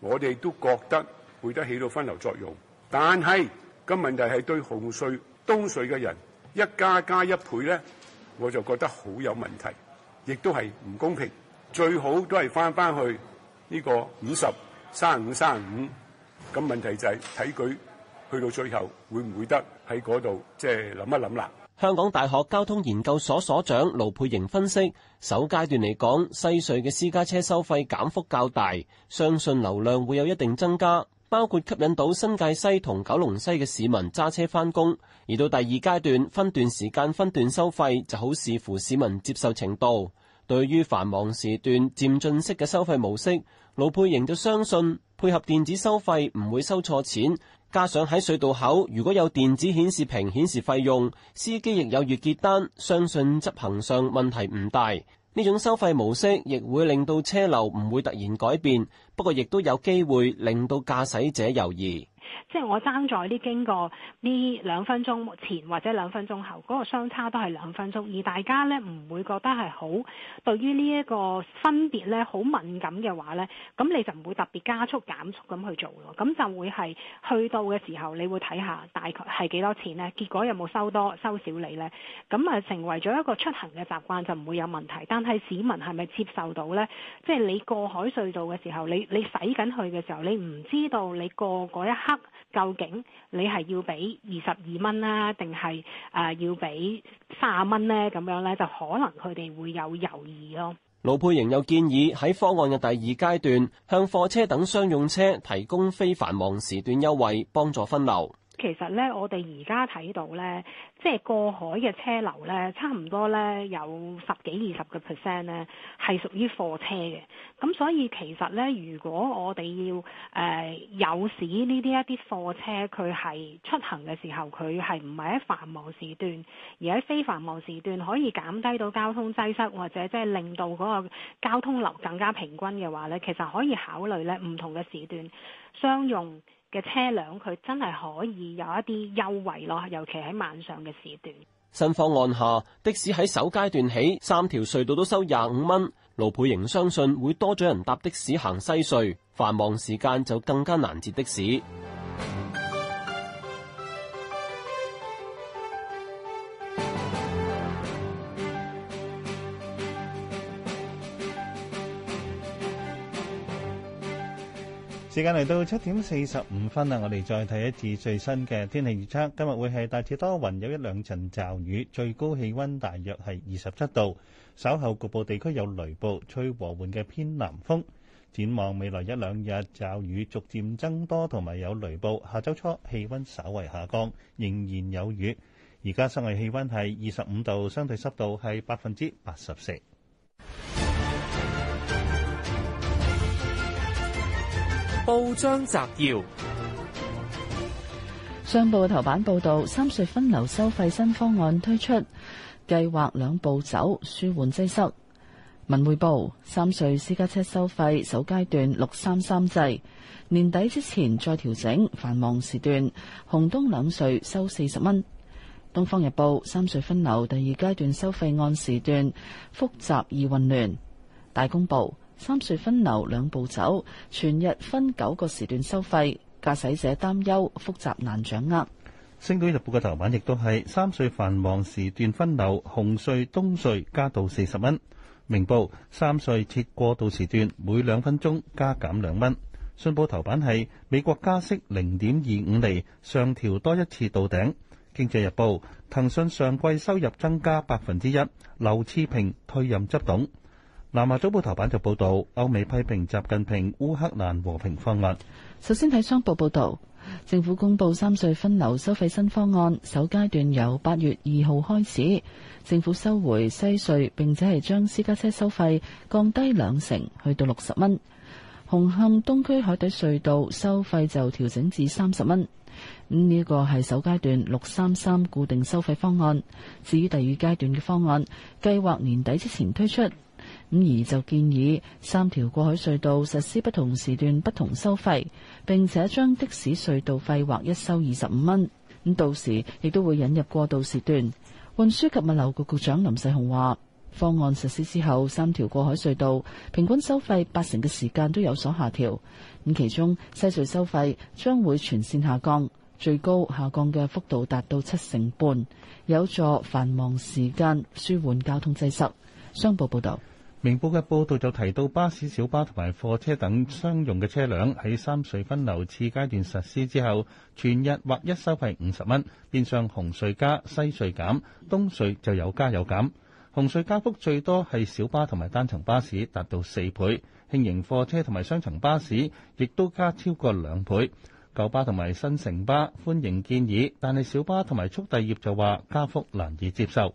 我哋都覺得會得起到分流作用，但係個問題係對紅稅、當稅嘅人一加加一倍咧，我就覺得好有問題，亦都係唔公平。最好都係翻翻去呢個五十三五三五，咁問題就係睇佢去到最後會唔會得喺嗰度，即係諗一諗啦。香港大學交通研究所所長盧佩瑩分析，首階段嚟講，西隧嘅私家車收費減幅較大，相信流量會有一定增加，包括吸引到新界西同九龍西嘅市民揸車翻工。而到第二階段，分段時間分段收費就好視乎市民接受程度。對於繁忙時段漸進式嘅收費模式，盧佩瑩就相信配合電子收費唔會收錯錢。加上喺隧道口，如果有電子顯示屏顯示費用，司機亦有月結單，相信執行上問題唔大。呢種收費模式亦會令到車流唔會突然改變，不過亦都有機會令到駕駛者猶豫。即係我爭在呢經過呢兩分鐘前或者兩分鐘後，嗰、那個相差都係兩分鐘。而大家呢唔會覺得係好對於呢一個分別呢好敏感嘅話呢，咁你就唔會特別加速減速咁去做咯。咁就會係去到嘅時候，你會睇下大概係幾多錢呢？結果有冇收多收少你呢？咁啊，成為咗一個出行嘅習慣就唔會有問題。但係市民係咪接受到呢？即係你過海隧道嘅時候，你你駛緊去嘅時候，你唔知道你過嗰一刻。究竟你係要俾二十二蚊呀，定係誒要俾卅蚊呢？咁樣咧就可能佢哋會有猶豫咯。盧佩瑩又建議喺方案嘅第二階段，向貨車等商用車提供非繁忙時段優惠，幫助分流。其實呢，我哋而家睇到呢，即係過海嘅車流呢，差唔多呢，有十幾二十個 percent 呢係屬於貨車嘅。咁所以其實呢，如果我哋要誒、呃、有使呢啲一啲貨車，佢係出行嘅時候，佢係唔係喺繁忙時段，而喺非繁忙時段可以減低到交通擠塞，或者即係令到嗰個交通流更加平均嘅話呢，其實可以考慮呢唔同嘅時段雙用。嘅車輛，佢真係可以有一啲優惠咯，尤其喺晚上嘅時段。新方案下的士喺首階段起，三條隧道都收廿五蚊。盧佩瑩相信會多咗人搭的士行西隧，繁忙時間就更加難截的士。時間嚟到七點四十五分啦，我哋再睇一次最新嘅天氣預測。今日會係大致多雲，有一兩陣驟雨，最高氣溫大約係二十七度。稍後局部地區有雷暴，吹和緩嘅偏南風。展望未來一兩日驟雨逐漸增多，同埋有雷暴。下周初氣温稍為下降，仍然有雨。而家室外氣温係二十五度，相對濕度係百分之八十四。報章摘要：商報頭版報道，三隧分流收費新方案推出，計劃兩步走，舒緩擠塞。文匯報：三隧私家車收費首階段六三三制，年底之前再調整繁忙時段，紅東兩隧收四十蚊。東方日報：三隧分流第二階段收費按時段複雜而混亂。大公報。三隧分流兩步走，全日分九個時段收費，駕駛者擔憂複雜難掌握。星島日報嘅頭版亦都係三隧繁忙時段分流，紅隧、東隧加到四十蚊。明報三隧設過渡時段，每兩分鐘加減兩蚊。信報頭版係美國加息零點二五厘，上調多一次到頂。經濟日報騰訊上季收入增加百分之一，劉熾平退任執董。南華早報頭版就報道，歐美批評習近平烏克蘭和平方案。首先睇商報報道，政府公布三隧分流收費新方案，首階段由八月二號開始，政府收回西隧，並且係將私家車收費降低兩成，去到六十蚊。紅磡東區海底隧道收費就調整至三十蚊。呢、嗯，呢個係首階段六三三固定收費方案。至於第二階段嘅方案，計劃年底之前推出。咁而就建議三條過海隧道實施不同時段不同收費，並且將的士隧道費劃一收二十五蚊。咁到時亦都會引入過渡時段。運輸及物流局局長林世雄話：方案實施之後，三條過海隧道平均收費八成嘅時間都有所下調。咁其中西隧收費將會全線下降，最高下降嘅幅度達到七成半，有助繁忙時間舒緩交通擠塞。商報報道。明報嘅報道就提到，巴士、小巴同埋貨車等商用嘅車輛喺三隧分流次階段實施之後，全日或一收費五十蚊，變相紅隧加、西隧減、東隧就有加有減。紅隧加幅最多係小巴同埋單層巴士達到四倍，輕型貨車同埋雙層巴士亦都加超過兩倍。九巴同埋新城巴歡迎建議，但係小巴同埋速遞業就話加幅難以接受。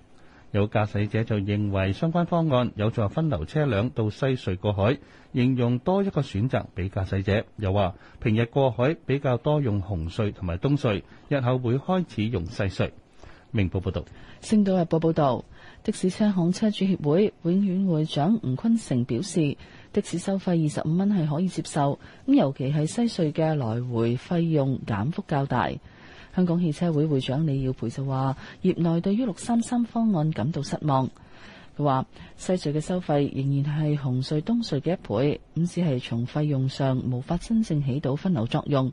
有駕駛者就認為相關方案有助分流車輛到西隧過海，形容多一個選擇俾駕駛者。又話平日過海比較多用紅隧同埋東隧，日後會開始用西隧。明報報導，星島日報報道：「的士車行車主協會永遠會長吳坤成表示，的士收費二十五蚊係可以接受。咁尤其係西隧嘅來回費用減幅較大。」香港汽車會會長李耀培就話：業內對於六三三方案感到失望。佢話：西隧嘅收費仍然係紅隧、東隧嘅一倍，咁只係從費用上無法真正起到分流作用。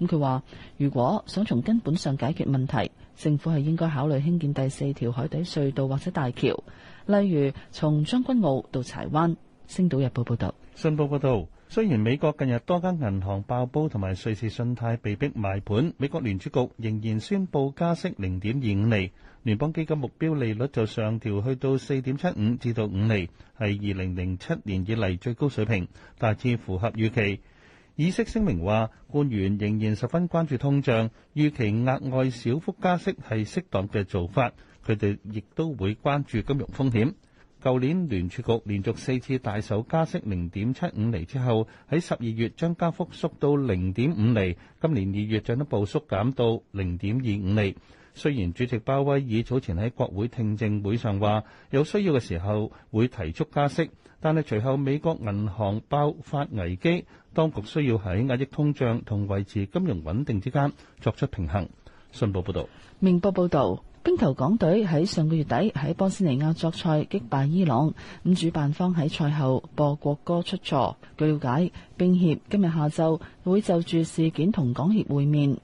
咁佢話：如果想從根本上解決問題，政府係應該考慮興建第四條海底隧道或者大橋，例如從將軍澳到柴灣。星島日報報道。新報報導。雖然美國近日多家銀行爆煲同埋瑞士信貸被迫賣盤，美國聯儲局仍然宣布加息0.25厘，聯邦基金目標利率就上調去到4.75至5厘，係2007年以嚟最高水平，大致符合預期。議息聲明話，官員仍然十分關注通脹，預期額外小幅加息係適當嘅做法，他們亦都會關注金融風險。舊年聯儲局連續四次大手加息零點七五厘之後，喺十二月將加幅縮到零點五厘。今年二月進一步縮減到零點二五厘。雖然主席鮑威爾早前喺國會聽證會上話，有需要嘅時候會提速加息，但係隨後美國銀行爆發危機，當局需要喺壓抑通脹同維持金融穩定之間作出平衡。信報報導。明報報導。冰球港隊喺上個月底喺波斯尼亞作賽擊敗伊朗，咁主辦方喺賽後播國歌出錯。據了解，冰協今日下晝會就住事件同港協會面，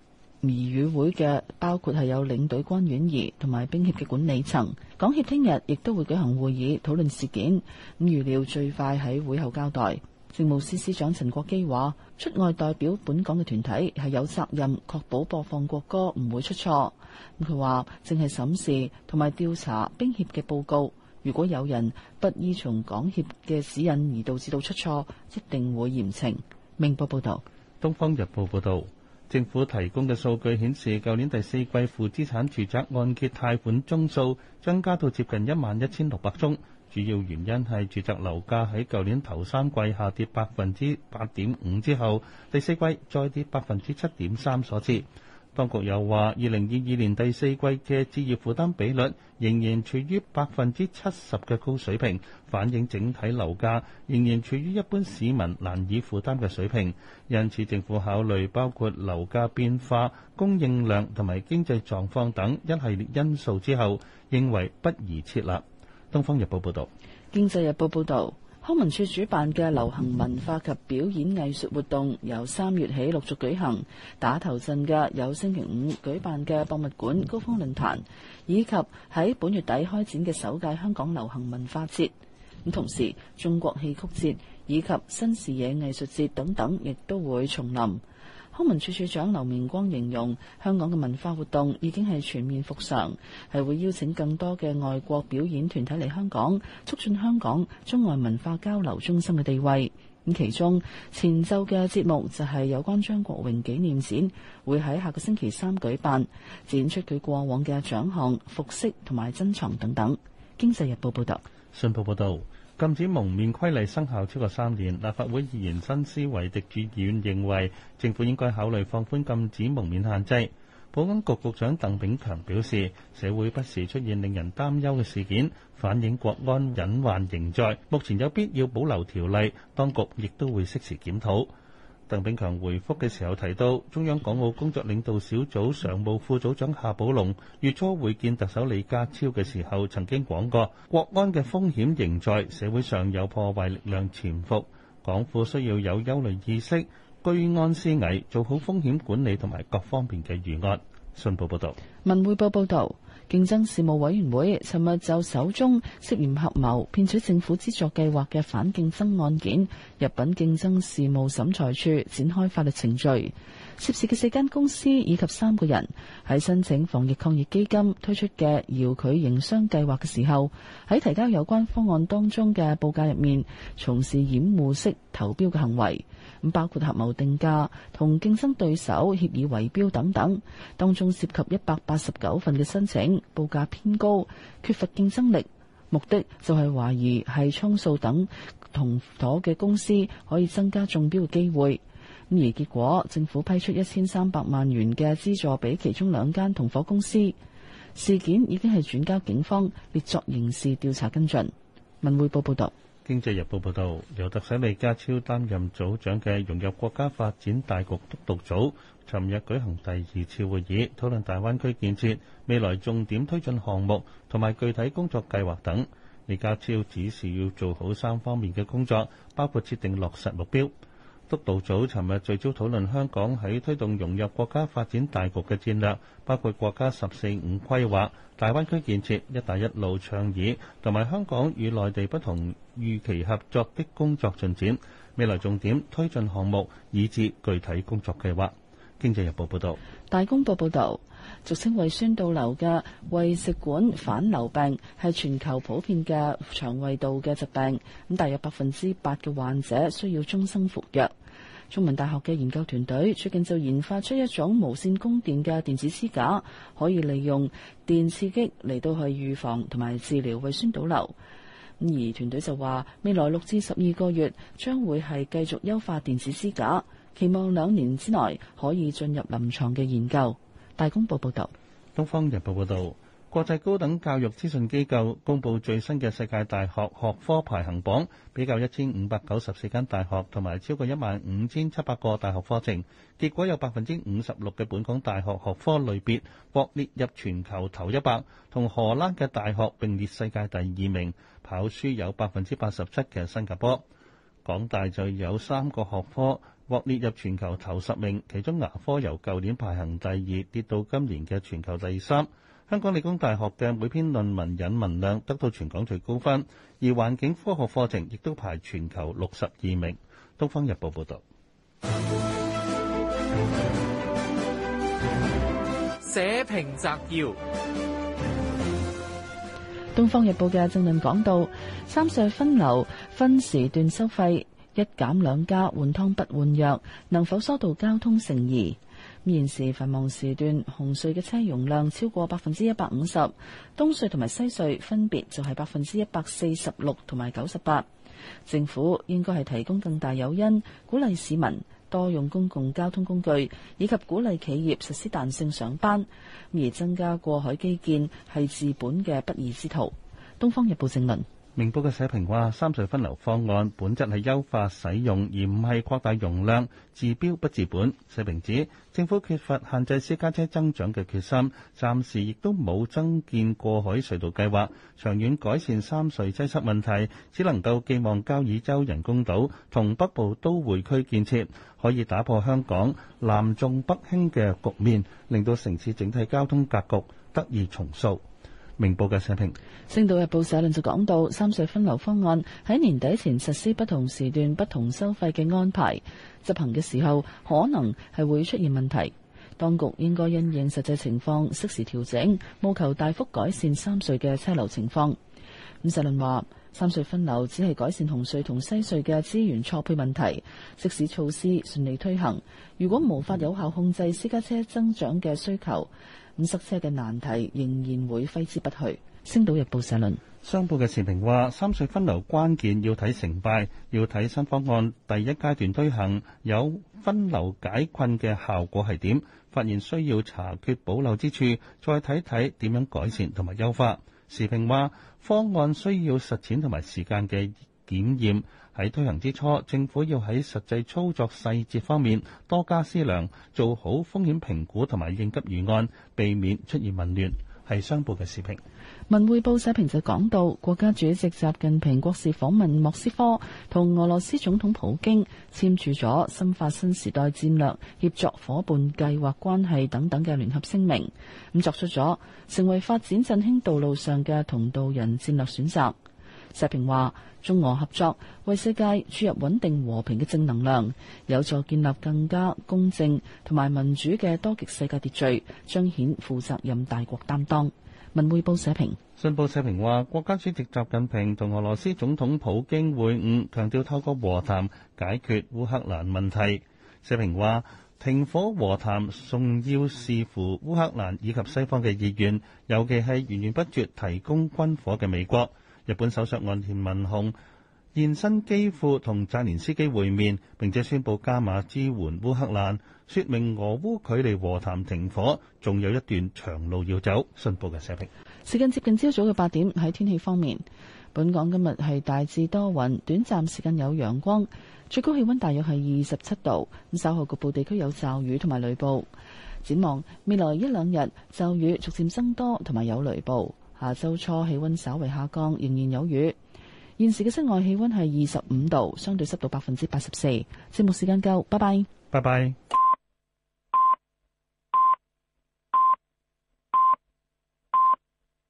而與會嘅包括係有領隊關婉儀同埋冰協嘅管理層。港協聽日亦都會舉行會議討論事件，咁預料最快喺會後交代。政務司司長陳國基話：出外代表本港嘅團體係有責任確保播放國歌唔會出錯。咁佢話正係審視同埋調查冰協嘅報告，如果有人不依從港協嘅指引，而導致到出錯，一定會嚴懲。明報報道，東方日報報道，政府提供嘅數據顯示，舊年第四季負資產住宅按揭貸款宗數增加到接近一萬一千六百宗。主要原因係住宅樓價喺舊年頭三季下跌百分之八點五之後，第四季再跌百分之七點三所致。當局又話，二零二二年第四季嘅置業負擔比率仍然處於百分之七十嘅高水平，反映整體樓價仍然處於一般市民難以負擔嘅水平。因此，政府考慮包括樓價變化、供應量同埋經濟狀況等一系列因素之後，認為不宜設立。《東方日報》報導，《經濟日報》報導，康文署主辦嘅流行文化及表演藝術活動由三月起陸續舉行，打頭陣嘅有星期五舉辦嘅博物館高峰論壇，以及喺本月底開展嘅首屆香港流行文化節。咁同時，中國戲曲節以及新視野藝術節等等，亦都會重臨。公文處處長劉明光形容，香港嘅文化活動已經係全面復常，係會邀請更多嘅外國表演團體嚟香港，促進香港中外文化交流中心嘅地位。咁其中前晝嘅節目就係有關張國榮紀念展，會喺下個星期三舉辦，展出佢過往嘅獎項、服飾同埋珍藏等等。經濟日報報道，信報報道。禁止蒙面規例生效超過三年，立法會議員新思維狄志遠議員認為政府應該考慮放寬禁止蒙面限制。保安局局長鄧炳強表示，社會不時出現令人擔憂嘅事件，反映國安隱患仍在。目前有必要保留條例，當局亦都會適時檢討。鄧炳強回覆嘅時候提到，中央港澳工作領導小組常務副組長夏寶龍月初會見特首李家超嘅時候，曾經講過國安嘅風險仍在，社會上有破壞力量潛伏，港府需要有憂慮意識、居安思危，做好風險管理同埋各方面嘅預案。信報報道，文匯報報道。競爭事務委員會尋日就首宗涉嫌合謀騙取政府資助計劃嘅反競爭案件，入稟競爭事務審裁處展開法律程序。涉事嘅四間公司以及三個人喺申請防疫抗疫基金推出嘅遙距營商計劃嘅時候，喺提交有關方案當中嘅報價入面，從事掩護式投標嘅行為。咁包括合謀定價、同競爭對手協議圍標等等，當中涉及一百八十九份嘅申請，報價偏高，缺乏競爭力，目的就係懷疑係倉數等同夥嘅公司可以增加中標嘅機會。而結果，政府批出一千三百萬元嘅資助俾其中兩間同伙公司。事件已經係轉交警方列作刑事調查跟進。文匯報報道。《經濟日報》報導，由特首李家超擔任組長嘅融入國家發展大局督導組，尋日舉行第二次會議，討論大灣區建設、未來重點推進項目同埋具體工作計劃等。李家超指示要做好三方面嘅工作，包括設定落實目標。督導組尋日聚焦討論香港喺推動融入國家發展大局嘅戰略，包括國家十四五規劃、大灣區建設、一帶一路倡議同埋香港與內地不同預期合作的工作進展，未來重點推進項目以至具體工作計劃。經濟日報報道，大公報報道。俗稱胃酸倒流嘅胃食管反流病係全球普遍嘅腸胃道嘅疾病，咁大約百分之八嘅患者需要終生服藥。中文大學嘅研究團隊最近就研發出一種無線供電嘅電子支架，可以利用電刺激嚟到去預防同埋治療胃酸倒流。咁而團隊就話，未來六至十二個月將會係繼續優化電子支架，期望兩年之內可以進入臨床嘅研究。大公報報道，東方日報報道，國際高等教育資訊機構公布最新嘅世界大學學科排行榜，比較一千五百九十四間大學同埋超過一萬五千七百個大學課程，結果有百分之五十六嘅本港大學學科類別獲列入全球頭一百，同荷蘭嘅大學並列世界第二名，跑輸有百分之八十七嘅新加坡。港大就有三個學科。獲列入全球頭十名，其中牙科由舊年排行第二跌到今年嘅全球第三。香港理工大學嘅每篇論文引文量得到全港最高分，而環境科學課程亦都排全球六十二名。東方日報報道。社評摘要。東方日報嘅正論講到：三隧分流，分時段收費。一減兩加，換湯不換藥，能否疏導交通成疑？現時繁忙時段，紅隧嘅車容量超過百分之一百五十，東隧同埋西隧分別就係百分之一百四十六同埋九十八。政府應該係提供更大誘因，鼓勵市民多用公共交通工具，以及鼓勵企業實施彈性上班，而增加過海基建係治本嘅不二之途。《東方日報》正論。明報嘅社評話，三隧分流方案本質係優化使用，而唔係擴大容量，治標不治本。社評指政府缺乏限制私家車增長嘅決心，暫時亦都冇增建過海隧道計劃。長遠改善三隧擠塞問題，只能夠寄望交椅洲人工島同北部都會區建設，可以打破香港南重北輕嘅局面，令到城市整體交通格局得以重塑。明報嘅社評，《星島日報》社論就講到，三隧分流方案喺年底前實施不同時段不同收費嘅安排，執行嘅時候可能係會出現問題。當局應該因應實際情況，適時調整，務求大幅改善三隧嘅車流情況。咁、嗯、社論話，三隧分流只係改善紅隧同西隧嘅資源錯配問題，即使措施順利推行，如果無法有效控制私家車增長嘅需求，五塞車嘅難題仍然會揮之不去。星島日報社論，商報嘅時評話：三隧分流關鍵要睇成敗，要睇新方案第一階段推行有分流解困嘅效果係點，發現需要查缺補漏之處，再睇睇點樣改善同埋優化。時評話方案需要實踐同埋時間嘅檢驗。喺推行之初，政府要喺實際操作細節方面多加思量，做好風險評估同埋應急預案，避免出現混亂，係商報嘅時評。文匯報社評，就講到，國家主席習近平國事訪問莫斯科，同俄羅斯總統普京簽署咗深化新時代戰略協作伙伴計劃關係等等嘅聯合聲明，咁作出咗成為發展振興道路上嘅同道人戰略選擇。社評話：中俄合作為世界注入穩定和平嘅正能量，有助建立更加公正同埋民主嘅多極世界秩序，彰顯負責任大國擔當。文匯報社評，信報社評話：國家主席習近平同俄羅斯總統普京會晤，強調透過和談解決烏克蘭問題。社評話：停火和談重要視乎烏克蘭以及西方嘅意願，尤其係源源不絕提供軍火嘅美國。日本首相岸田文雄現身機庫，同澤連斯基會面，並且宣布加碼支援烏克蘭，說明俄烏距離和談停火仲有一段長路要走。信報嘅社評，時間接近朝早嘅八點。喺天氣方面，本港今日係大致多雲，短暫時間有陽光，最高氣温大約係二十七度。咁稍後局部地區有驟雨同埋雷暴。展望未來一兩日，驟雨逐漸增多同埋有雷暴。下周初氣温稍為下降，仍然有雨。現時嘅室外氣溫係二十五度，相對濕度百分之八十四。節目時間夠，拜拜。拜拜。